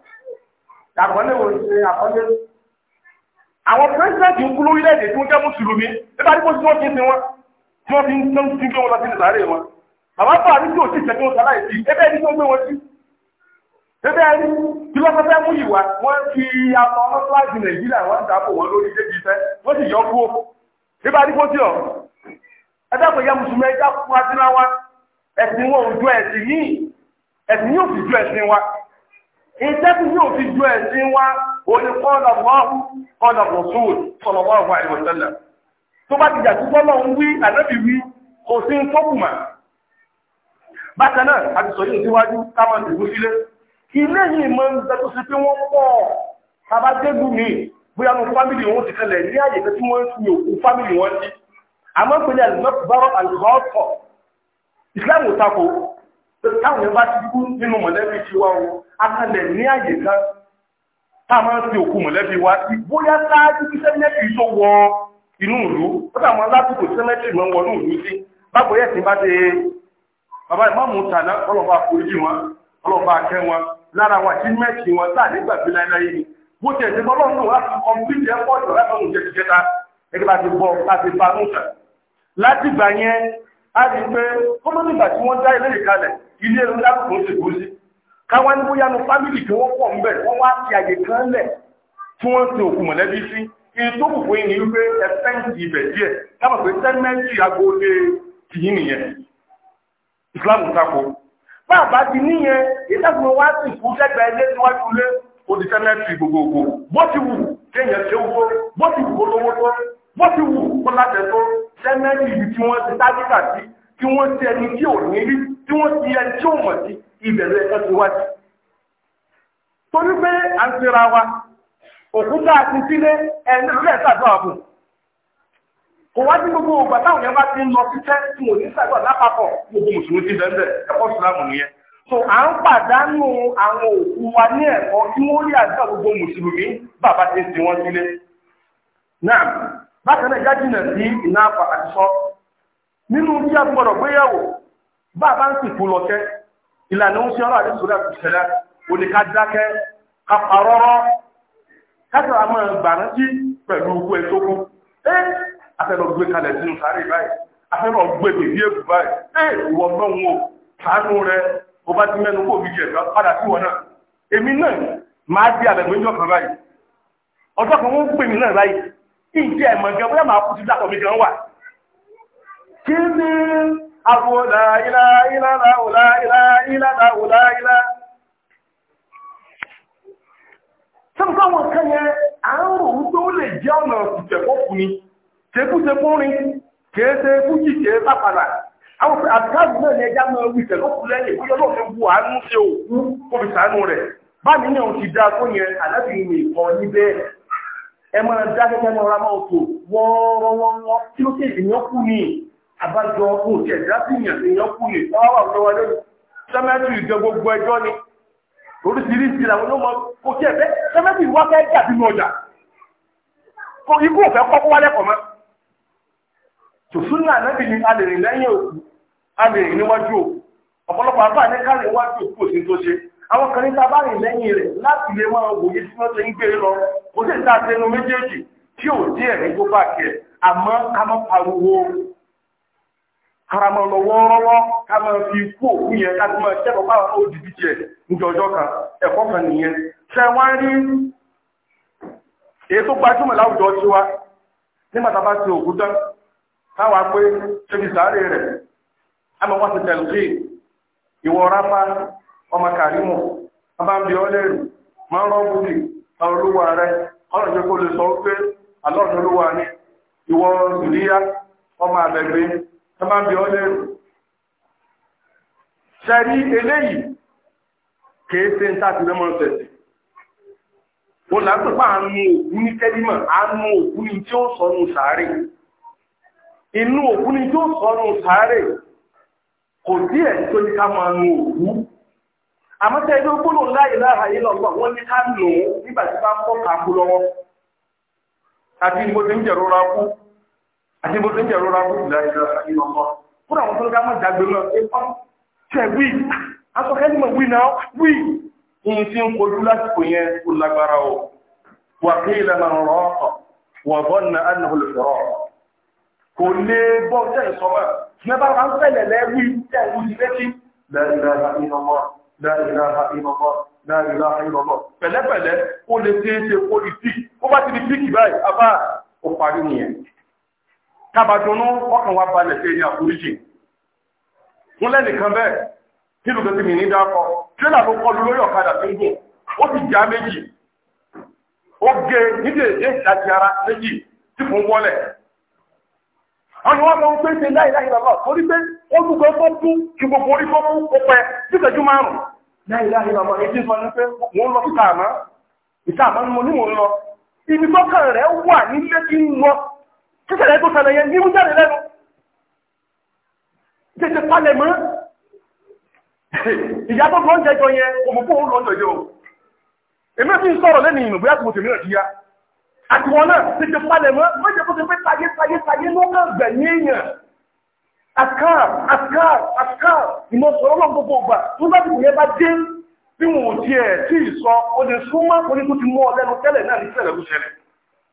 àkọlé wo ṣe àkọlé. àwọn pírẹsidẹ́ntì ń kú lórílẹ̀-èdè tí wọ́n jẹ́ mùsùlùmí nípa dípò tí wọ́n ti sin wọn tí wọ́n fi ń tán sí gbé wọn lọ sí ìsàárè wọn. bàbá bá àrí tí ò sì tẹ̀lé wọn sáláì sí ebe ẹni tí wọ́n gbé wọn sí. ebe ẹni tí wọ́n fẹ́ mú ìwà wọ́n fi akọ ọlọ́síláàsì nàìjíríà wọ́n ń dàpọ̀ wọn lórí débi iṣẹ́ wọ́n sì yọ kú ó. nípa dípò tí ọ ẹ dákun ìyá mùsùlùmí ẹ dákun adínáwá ẹ̀sìn wọn ò ju ẹ̀sìn yìí ẹ̀sìn yìí ò sì ju ẹ̀sìn wa ìtẹ́kùn yóò fi ju ẹ̀sìn wá òní kọ́ọ̀lọ̀ mọ́ọ̀hún kọ́ọ̀lọ̀ rọ̀sùn sọ̀lọ̀wọ́ àwọn àìwọ̀sẹ̀lẹ̀ tó bá ti jà sí bọ́lọ̀ ń wí ànábì wí kò sí ń tókùnmà bákan náà àti sọ yìí síwájú táwọn ìlú sílé ilé yìí mọ́ ń bẹ́ tó sí pé wọ́n pọ̀ tàbátẹ́gù mi bóyá nu fámìlì wọn ti kalẹ̀ ní àyè tí wọ́n fi òkú fámìlì wọn sí àmọ́ pẹ̀lú àlùmọ́bárọ̀ àlùmọ́ọ̀kọ̀ ìsìláàmù tako táwọn yẹn bá ti kú nínú mọ̀lẹ́bí ti wá wọn akalẹ̀ ní àyè kan tá a máa ń fi òkú mọ̀lẹ́bí wa sí bóyá sáájú kí sẹ́mẹ́tì tó wọ inú ìlú ó dà wọn lásìkò sẹ́mẹ́tì mọ́ wọ inú ìlú sí báwo yẹ̀ tí bá dé bàbá ìmáàmù tàná ọlọ́ba àforíjì wọn ọlọ́ba akẹ́ wọn lára wọn àti mẹ́tì wọn tá à nígbàgbé láéláyé ni bó tiẹ̀ ti bọ́ lọ́nà wọn láti kọ́mpútì ẹ̀kọ́ ìjọ láti ọ̀hún jẹ́ tìjẹ́ta gẹ́gẹ́ bá ti bọ́ láti bá nù sàn láti gbà yẹn a rí i pé kọ́mọ́nìgbà tí wọ́n dá ilé ìkalẹ̀ ilé ẹ̀rọ lákòókò ń ṣègbó sí káwọn ní bóyá nu fámìlì tí wọ́n pọ̀ ńbẹ̀ wọ́n wá ti àyè kan lẹ̀ tí wọ́n ti òkú mọ̀lẹ́bí sí ìtò òkú yìí ni wípé ẹ̀fẹ́ǹtì ibẹ̀ díẹ̀ káwọn pé sẹ́mẹ́ǹtì agolé tìyí nìyẹn Islam tako bàbá ti níyẹn ìtàkùn wa sì kú sẹ́gbẹ̀ẹ́ ilé níwájú ilé ó di sẹ́mẹ́ǹtì gbogbogbò bó ti wù kéèyàn ṣe wúwo bó ti wù kó lówó tó bó ti wù kó lájẹ tó sẹ́mẹ́ǹtì ibi tí wọ́n ti tágítà sí tí wọ́n ti ẹni tí ò ní rí tí wọ́n ti ẹni tí ò mọ̀ sí ibere ló ẹ̀kọ́ ti wájú. torí pé à ń fira wa òkúta àti sílé kò wá sí gbogbo ògbà táwọn yẹn ti ń lọ síṣẹ́ tí wọ́n ní sàgbà lápapọ̀ gbogbo mùsùlùmí ti ẹ̀kọ́ nìyẹn. so ń pàdánù àwọn òkú wa ní ẹ̀kọ́ kí wọ́n rí gbogbo mùsùlùmí bàbá ti wọn sílé. náà bákan náà sí àtisọ́ a gbọ́dọ̀ gbéyàwó bàbá ìlànà ń ṣe ọ̀rọ̀ àti sùúrù àti ìṣẹ̀lẹ̀ òní ká dákẹ́ ká parọ́rọ́ kátà àmọ́ gbàrántí pẹ̀lú owó ẹ̀ tó kú ẹ́ afẹ́lọ́ gbé kalẹ̀ sínú sáré báyìí afẹ́lọ́ gbé bèbí èkú báyìí ẹ́ ìwọ náà wò sànú rẹ bó bá ti mẹ́nu kó òbíjì ẹ̀ka padà sí wọn náà èmi náà máa di àbẹ̀gbẹ́jọ́ kan báyìí ọjọ́ kan wọ́n pè mí náà báyìí kí n jẹ́ ẹ̀mọ̀ gẹ́gẹ́ bóyá máa kú sí dákọ̀ mi gan wà kí ni أبو لا إله إلا الله لا إله إلا الله لا إله sọ́nkọ́ wọn kán yẹn àárò wípé ó lè jẹ́ ọ̀nà ìtẹ̀kọ́kù ni tẹ́kùtẹ́kù rin kẹ́ẹ́sẹ́ fújì kẹ́ẹ́ pàpàdà àwọn òfin àtàkù náà ní ẹjá máa wí ìtẹ̀kọ́kù lẹ́yìn kó yọ́lọ́ fi bu àánú ṣe òkú kó fi sàánú rẹ̀ bá mi náà ti dáa tó yẹn àlábìyìn ìkan níbẹ̀ ẹ máa dá kẹ́kẹ́ náà rámọ́ àbájọ ọkùn tí ẹ̀dá sí ìyàn sí ìyàn kú yìí wọ́n wà lọ́wọ́ lórí sẹ́mẹ́tì ìjọ gbogbo ẹjọ́ ni oríṣiríṣi làwọn ló mọ kò tí ẹ̀fẹ́ sẹ́mẹ́tì wá fẹ́ jà sínú ọjà kò ikú òfẹ́ kọ́kọ́ wálẹ̀ kọ̀ mọ́ tòsúnà nábì ni a lè rìn lẹ́yìn a lè rìn níwájú òkú ọ̀pọ̀lọpọ̀ àbá ní ká rìn wájú òkú òsì tó ṣe àwọn kan níta bá rìn lẹ́yìn rẹ̀ láti lè máa wòye tí wọ́n ṣe ń gbé lọ kò sí ìta àtẹnu méjèèjì tí ò díẹ̀ ní gbogbo àkẹ́ àmọ́ ká má karama lọ wọ́ọ́rọ́wọ́ ká máa fi kú òkú yẹn ká máa kẹ́kọ̀ọ́ báwọn ó di dídí ẹ̀ ọjọ́ kan ẹ̀kọ́ kan nìyẹn ṣe wá rí èyí tó gbajúmọ̀ láwùjọ tí wa nígbà tá a bá ti òkú tán káwa pé ṣébi sáré rẹ̀ a máa wá sí tẹ̀lifí ìwọ ọmọ kàrímù ń bi máa ń olúwa ọ̀rọ̀ ẹ máa bí ọ lẹ́rù ṣẹ́rí eléyìí kìí ṣe ń tàbí lọ́mọ o látọ̀pá àánú òkú ní kẹ́límọ̀ àánú òkú ní tí ó sọnù sàárè inú òkú ní tí ó sọnù sàárè kò dí ẹ̀ tó ní ká máa nu òkú àmọ́tẹ́ ẹgbẹ́ gbọ́dọ̀ láì lára yìí lọ́gbọ̀ wọ́n ní ká nù nígbà tí bá ń kọ́ kàkú lọ́wọ́ àti ìmọ̀tẹ́ ń jẹ̀rọra kú àti bó ṣe ń jẹ̀rọ ra fún ìlànà ìlànà ọmọ fún àwọn tó ń gámọ̀ dàgbé lọ ẹ̀kọ́ tẹ̀ wí asọ́kẹ́ ní mọ̀ wí náà wí ìyìn tí ń kojú lásìkò yẹn kò lágbára o wà pé ìlànà ọ̀rọ̀ ọ̀tọ̀ wọ̀ bọ́ọ̀nà ànàhùlùfẹ̀rọ̀ kò lè bọ́ tẹ̀ sọ́mọ̀ mẹ́bà máa ń fẹ̀lẹ̀ lẹ́wí tẹ̀ wú sí létí láìláha ìlọ́mọ́ láìláha ìlọ́mọ́ láìláha ìlọ́mọ́ pẹ̀lẹ́pẹ̀lẹ́ kábàdùnú ọkàn wa balẹ̀ sí ẹni àforíjì ń lẹ́nìkan bẹ́ẹ̀ kí ló ti mì ní dákọ̀ tírélà ló kọlu lórí ọ̀kadà tó ń gùn ó ti jà méjì ó gé nídìí ìdájí ara méjì tí kò ń wọlẹ̀ pé ṣe láìláì lọ́wọ́ torí pé ó tó kú kí gbogbo orí ó pẹ́ ṣẹ̀ṣẹ̀lẹ̀ tó ṣẹlẹ̀ yẹn ní mú jáde lẹ́nu tètè palẹ̀ mọ́ ìyá tó gbọ́n jẹjọ yẹn òmùpọ̀ ó lọ́jọ́ yẹn o èmi fi ń sọ̀rọ̀ lẹ́nu ìmọ̀ bóyá tòmọ̀tò mìíràn yíyá àti wọn náà tètè palẹ̀ mọ́ mọ́jẹ́ tó ti pé tayé tayé tayé ló kàn gbẹ̀yìn èèyàn àkàr àkàr àkàr ìmọ̀sọ̀rọ̀ náà gbogbo ọgbà tó bá ti yẹn bá dé bí wọn ò tiẹ̀ tí ì sọ ó lè súnmọ́ oníkú ti mú ọ lẹ́nu tẹ́lẹ̀ náà ní tẹ́lẹ̀ ló ṣẹlẹ̀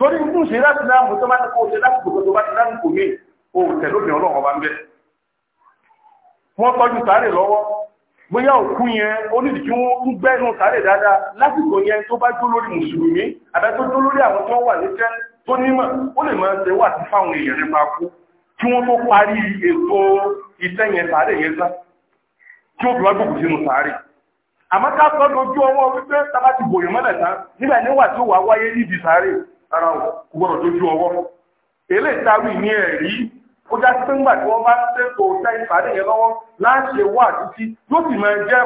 torí ń tún ṣe láti náà mo tó bá ti kó ṣe láti gbogbo tó bá ti dáhùn kò mí o tẹ̀lé obìnrin ọlọ́run ọba ń bẹ. wọ́n tọ́jú sáré lọ́wọ́ bóyá òkú yẹn ó nídìí kí wọ́n tún gbẹ́nu sáré dáadáa lásìkò yẹn tó bá jó lórí mùsùlùmí àbẹ́tó tó lórí àwọn tó wà níṣẹ́ tó nímọ̀ ó lè máa ṣe wà sí fáwọn èèyàn nípa kú kí wọ́n tó parí ètò iṣẹ́ yẹn sáré yẹn sá tí ó fi wá gbòkù sínú sáré àmọ́ ká sọ́dọ̀ ojú ọwọ́ wípé tábà ti mọ́lẹ̀ tán nígbà níwà tí ó wà wáyé nídìí sáré ara kò gbọ́dọ̀ dójú ọwọ́ èlé ìtawí ní ẹ̀rí ó já sí péńgbà tí wọ́n bá ṣètò ṣe ìpàdé yẹn lọ́wọ́ láṣẹ wà títí yóò sì máa jẹ́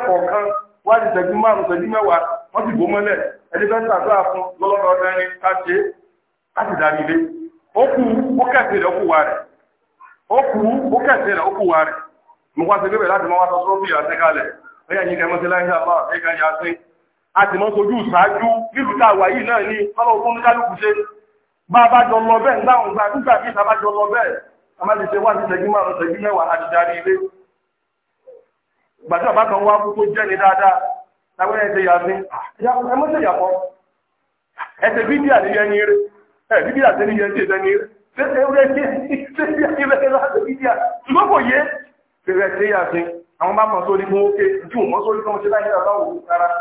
wá márùn-ún mẹ́wàá wọ́n sì mọ́lẹ̀ ẹni fẹ́ fún dá nílé ó kú ó rẹ̀ ó kú wa rẹ̀ ó kú ó rẹ̀ ó kú wa rẹ̀ mo wá sí láti a sì mọ́ sojú ìsáájú lílùkà wà yìí náà ni ọlọ́run fún kálukú ṣe bá a bá jọ lọ bẹ́ẹ̀ láwọn gba nígbà tí ìta bá jọ lọ bẹ́ẹ̀ a máa ti ṣe wá sí ṣẹ́jú márùn-ún ṣẹ́jú mẹ́wàá àti darí ilé gbàtí àbákan wá kú tó jẹ́ ni dáadáa láwọn ẹ̀ ṣe yà sí ẹ mọ́ ṣe yàpọ̀ ẹ ṣe bídíà ní yẹn ní eré ẹ bídíà ṣe ní yẹn ṣe ṣe ní eré ṣe ṣe ewúrẹ́ ṣe ṣe bí akẹ́fẹ́ láti bídíà ṣùgbọ́n kò yé ṣe rẹ̀ ṣe yà sí àwọn bá mọ̀ sórí fún ókè ju mọ́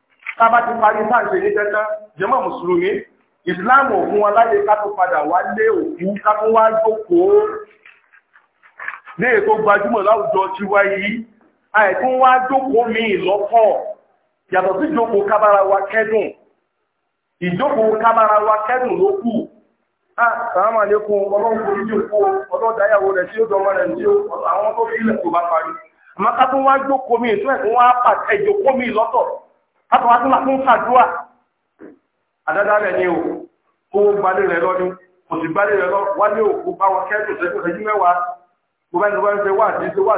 tába ti parí sáàṣe ní tẹ́tán jẹ́mọ̀ mùsùlùmí ìsìláàmù òfin wọn láyé ká tó padà wá lé òkú ká tó wá jókòó ní ètò gbajúmọ̀ láwùjọ tí wá yìí àìkún wá jókòó mi lọ́pọ̀ yàtọ̀ sí jókòó kábára wa kẹ́dùn ìjókòó kábára wa kẹ́dùn ló kù Assalamu ah, alaykum ọlọ́run kò ní jòkó ọlọ́dáyàwó rẹ̀ tí ó dọmọ rẹ̀ tí àwọn tó fi ilẹ̀ tó bá parí. Àmọ́ ká tó wá jókòó mi ìtúnẹ̀ tó wá pàtẹ́ ìjókòó mi lọ́tọ̀ láti wá tún láti ń ṣàdúrà àdáda rẹ̀ ni o kó gbalé rẹ̀ lọ́dún kò sì gbalé rẹ̀ lọ wálé òkú bá wọn kẹ́ẹ̀tù sẹ́kù ẹjú mẹ́wàá gbogbo ẹni tó bá ń fẹ́ wá àti ṣe wá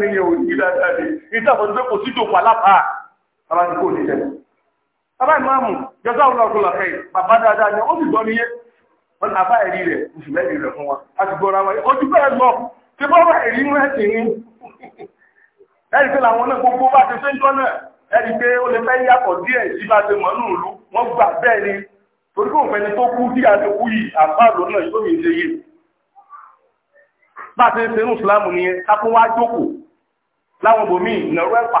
ní ni òní dáadáa ni ìtàkùn tó kò sí tòkù alápá wọ́n bá ti bàbá ìmáàmù jọjọ́ àwọn ọkùnrin ọ̀fẹ́ bàbá dáadáa ni ó sì gbọ́ níyé wọn àbá ẹ̀rí rẹ̀ oṣù mẹ́rin rẹ̀ fún wa a ti gbọ́ra wọn ojú bẹ́ẹ̀ lọ tí bọ́ bá ẹ̀rí ń rẹ̀ sí ní ẹ̀rí pé làwọn náà gbogbo bá ti fẹ́ jọ náà ẹ̀rí pé ó lè fẹ́ yàtọ̀ díẹ̀ sí bá ti mọ̀ nínú ìlú wọ́n gbà bẹ́ẹ̀ ni torí kò fẹ́ni tó kú tí a ti kú yìí àbáàlò náà yóò mi ṣe yìí bá a ti ń ṣe nínú ìsìlámù nìyẹn ká tún wá jókòó láwọn bòmíì ìnáwó ẹ̀pà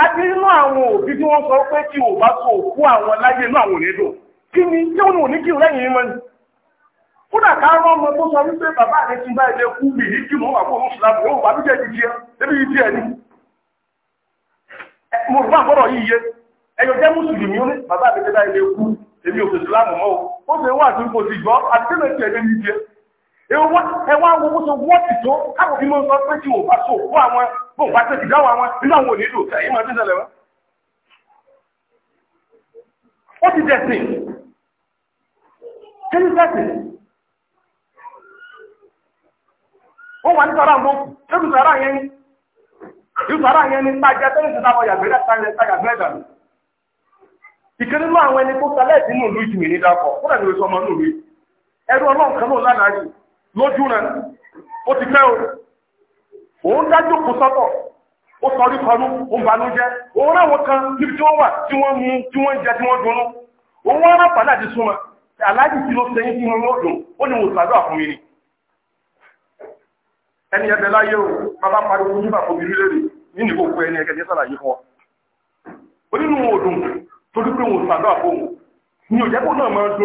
a ti nínú àwọn òbí tí wọ́n sọ pé kí o bá sọ òkú àwọn láyé inú àwọn òní dùn kí ni tí òun ò ní kí o lẹ́yìn yín mọ́ ni. kódà ká rán ọmọ tó sọ wípé bàbá rẹ ti bá ilé kú bì í kí mọ́ wà fún mùsùlùmí ó wà lójú ẹ̀jẹ̀ tiẹ̀ débi yìí tiẹ̀ ni. mo rò máa gbọ́dọ̀ yìí yé ẹ̀yọ̀ jẹ́ mùsùlùmí ó ní bàbá rẹ ti bá ilé kú èmi ò fèsì láàmú mọ́ o ó ṣe wá àti kò sì gbọ́ àti tẹ́lẹ̀ tiẹ̀ débi tiẹ̀ ẹ o bá bó ń bá tẹ̀sí dáwọ́ àwọn nínú àwọn òní lò ẹ̀yìn máa ti ṣẹlẹ̀ wá. ó ti dẹ̀sìn kí ni dẹ̀sìn ó wà ní sàrà mọ́ ṣébù sàrà yẹn ni ìlú sàrà yẹn ni pàjẹ́ tẹ́lẹ̀ ti dáwọ́ yàgbẹ́rẹ́ sáyẹn sáyàgbẹ́ dànù. ìkíní àwọn ẹni tó kalẹ̀ na ìlú ìjìnlẹ̀ ní dákọ̀ dàbí ẹrú ọlọ́run kan náà lánàá lójú ti fẹ́ o. òun dájú kù sọ́tọ̀ ó sọrí kọlu ó ráwọn kan níbi tí wọ́n wà tí wọ́n mú tí wọ́n jẹ tí wọ́n dunnú wọ́n rán pàdé àti súnmọ́ aláàjì tí ló mo ni. ẹni ẹbẹ láyé o bàbá pariwo ojú bàbá obìnrin lèrè ní kú ẹni sàlàyé fún ọ. onínú ní náà máa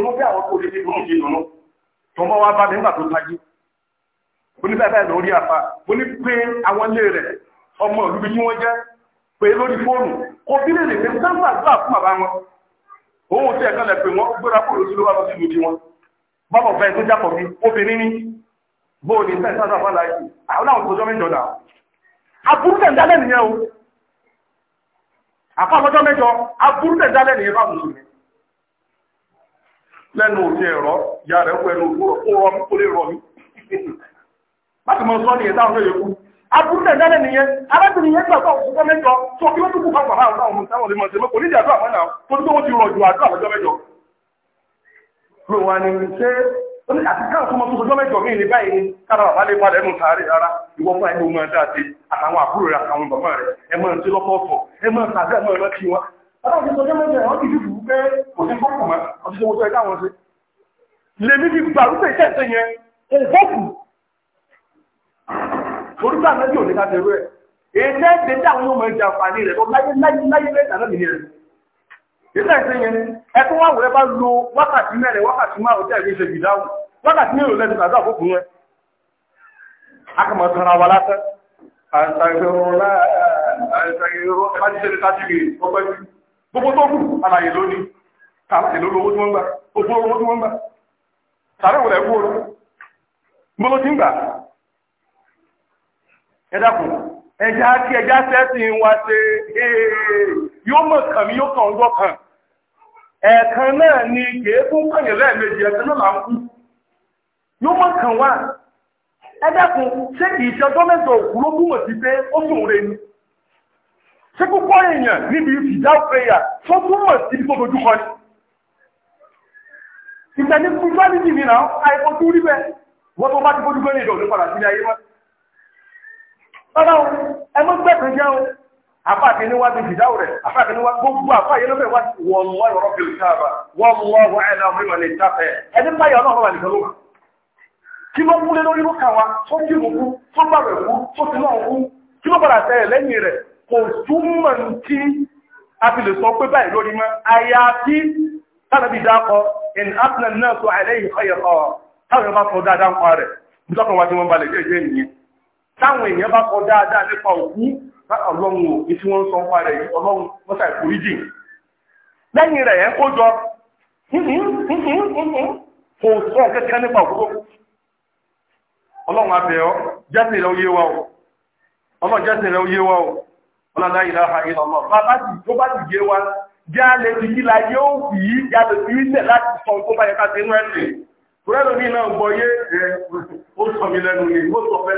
bí àwọn tó lè oníbẹ̀bẹ̀ lórí àfà mo ní pé àwọn ilé rẹ̀ ọmọ olúbi tí wọ́n jẹ́ pé lórí fóònù kò bí lè lè pé sáńsà gbà fún bàbá wọn òun ti ẹ̀kan lẹ̀ pé wọ́n gbéra kúrò sí ló wà lọ sí ìlú tiwọn bọ́bọ̀ fẹ́ tó jápọ̀ bí obìnrin ní bó ní fẹ́ sáńsà fà láì àwọn àwọn tọjọ́ mẹ́jọ náà aburú tẹ̀ ń dálẹ̀ nìyẹn o àfà lọ́jọ́ mẹ́jọ aburú tẹ̀ ń dálẹ̀ nìyẹn bá mùsùlùmí lẹ́nu òfin ẹ̀rọ ìyá rẹ̀ pẹ̀lú òkú rọ̀ mí kó lè rọ̀ mí láti mọ sọ nìyẹn táwọn náà yẹkú aburú náà nìyẹn arábìnrin yẹn gbà tó ọkọ mẹ́jọ tó kí wọn tún kú àwọn ọmọ táwọn lè mọ sí mẹkọ nídìí àdúrà mọnà tó tó wọn ti rọ ju àdúrà lọ́jọ́ mẹ́jọ. ló wà ní ṣé àti káwọn tó mọ tó lọ́jọ́ mẹ́jọ mí ní báyìí kára bàbá lè padà ẹnu sàárè rárá ìwọ fún àìní ọmọ ẹ̀dá àti àtàwọn àbúrò rẹ àtàwọn bàbá rẹ ẹ máa ń tí lọ́kọ̀ọ̀kọ̀ ẹ máa ń sàdé ẹ máa ń rántí wọn. ti sọ orúkọ àtẹ́jú òní ká e, ẹ̀ èyí tẹ́ ṣe tí àwọn ọmọ ìjà àǹfààní rẹ̀ tó láyé láyé láyé ihe náà nìyẹn èyí tẹ́ bá lo wákàtí mẹ́rin wákàtí máa òtẹ́ ìlú ṣe gbìdáwò wákàtí mẹ́rin lẹ́tà tàbí àkókò rẹ̀ akọ̀mọ̀ wa lásán gbogbo tó kù àlàyé lónìí tàbí ẹ dákun ẹja kí ẹja sẹ́sìn wa ṣe yóò mọ̀ kàn mí yóò kàn ń gbọ́ kàn ẹ̀ẹ̀kan náà ni kìí fún kànyìn lẹ́ẹ̀mejì ẹ̀ẹ̀kan náà là ń kú yóò mọ̀ kàn wá ẹ ṣé kìí ṣe ọjọ́ mẹ́sàn òkú ló túmọ̀ sí pé ó sùn re ni ṣé púpọ̀ èèyàn níbi ìfìdá prayer tó túmọ̀ sí tó dojú kọ ni ìgbà ní fúnjọ́ níbi mìíràn àìfojú rí bẹ́ẹ̀ wọ́n tó bá ti fojú gbé ní ìdọ̀ bàbá o ẹ mọ gbẹ̀kan jẹ́ o àfa àkíní wá ti fìdáwò rẹ̀ àfa gbogbo àfa wá wọ́n wá yọ̀rọ̀ kiri káàbà wọ́n wá wọ́n ẹ̀ náà mímọ̀ ní ìtafẹ́ ẹni báyọ̀ náà wà nìkan ló kí ló kú lé lórí ló kà wá tó kí ló kú tó bá rẹ̀ kú tó ti náà kú kí ló padà tẹ̀ lẹ́yìn rẹ̀ kò túmọ̀ tí a fi lè sọ pé báyìí lórí mọ́ àyàfi tánàbí dákọ̀ in afnan náà tó àìlẹ́yìn ọ̀yẹ̀kọ̀ táwọn yóò bá sọ dáadáa ń pa rẹ̀ nítorí wọn ti wọn balẹ̀ jẹ́ ìjẹ́ nìyẹn táwọn èèyàn bá kọ dáadáa nípa òkú ọlọ́run ò tí wọ́n ń sọ nípa rẹ̀ ọlọ́run mọ́sà ìforíjì lẹ́yìn rẹ̀ ẹ̀ kó jọ kò sọ kẹ́kẹ́ nípa òkú ọlọ́run abẹ́ ọ jẹ́sìn rẹ̀ oyé wa o ọlọ́run jẹ́sìn rẹ̀ oyé wa o ọlọ́run láyé láha ilẹ̀ ọmọ bàbá sì tó bá sì yé wa jẹ́ alẹ́ ti yí la yóò fi yí jáde fi ilẹ̀ láti sọ tó bá yẹ ká ti inú ẹ̀sìn rẹ́lómi náà gbọ́ yé ó sọ mi lẹ́nu ni ó sọ fẹ́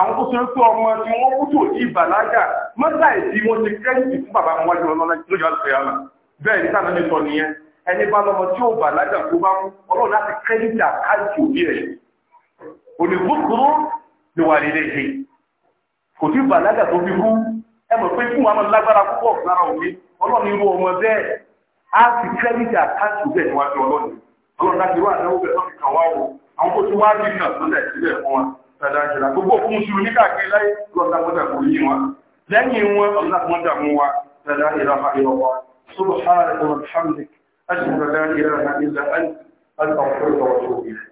àwọn tó ṣe ń tó ọmọ tí wọ́n kú tó ní ìbàlágà mọ́tà ìdí wọn ti kẹ́yìntì fún bàbá wọn wájú ọlọ́lá lójú àlùfẹ́yàmà bẹ́ẹ̀ ní sáà nítọ́ nìyẹn ẹni bá lọ́mọ tí ó bàlágà tó bá ọlọ́run láti kẹ́yìntì àkáàtì òbí rẹ̀ olùbùkúrú ni wà nílé ṣe kò tí bàlágà tó fi kú ẹ mọ̀ pé fún àwọn lágbára púpọ̀ lára òbí ọlọ́run irú ọmọ bẹ́ẹ̀ á ti kẹ́yìntì àkáàtì òbí rẹ̀ níwájú ọlọ́run ọlọ́run láti rú àdáwó bẹ̀rẹ̀ tàdájìlá gbogbo fún mùsùlùmí káàkiri láyé lọ́dàmọ́dà kò yí wọn lẹ́yìn wọn ọ̀dàmọ́dà mú wa tàdájìlá fàílọ́wọ́ subhanaka wa bihamdik ashhadu an la ilaha illa anta astaghfiruka wa atubu ilayk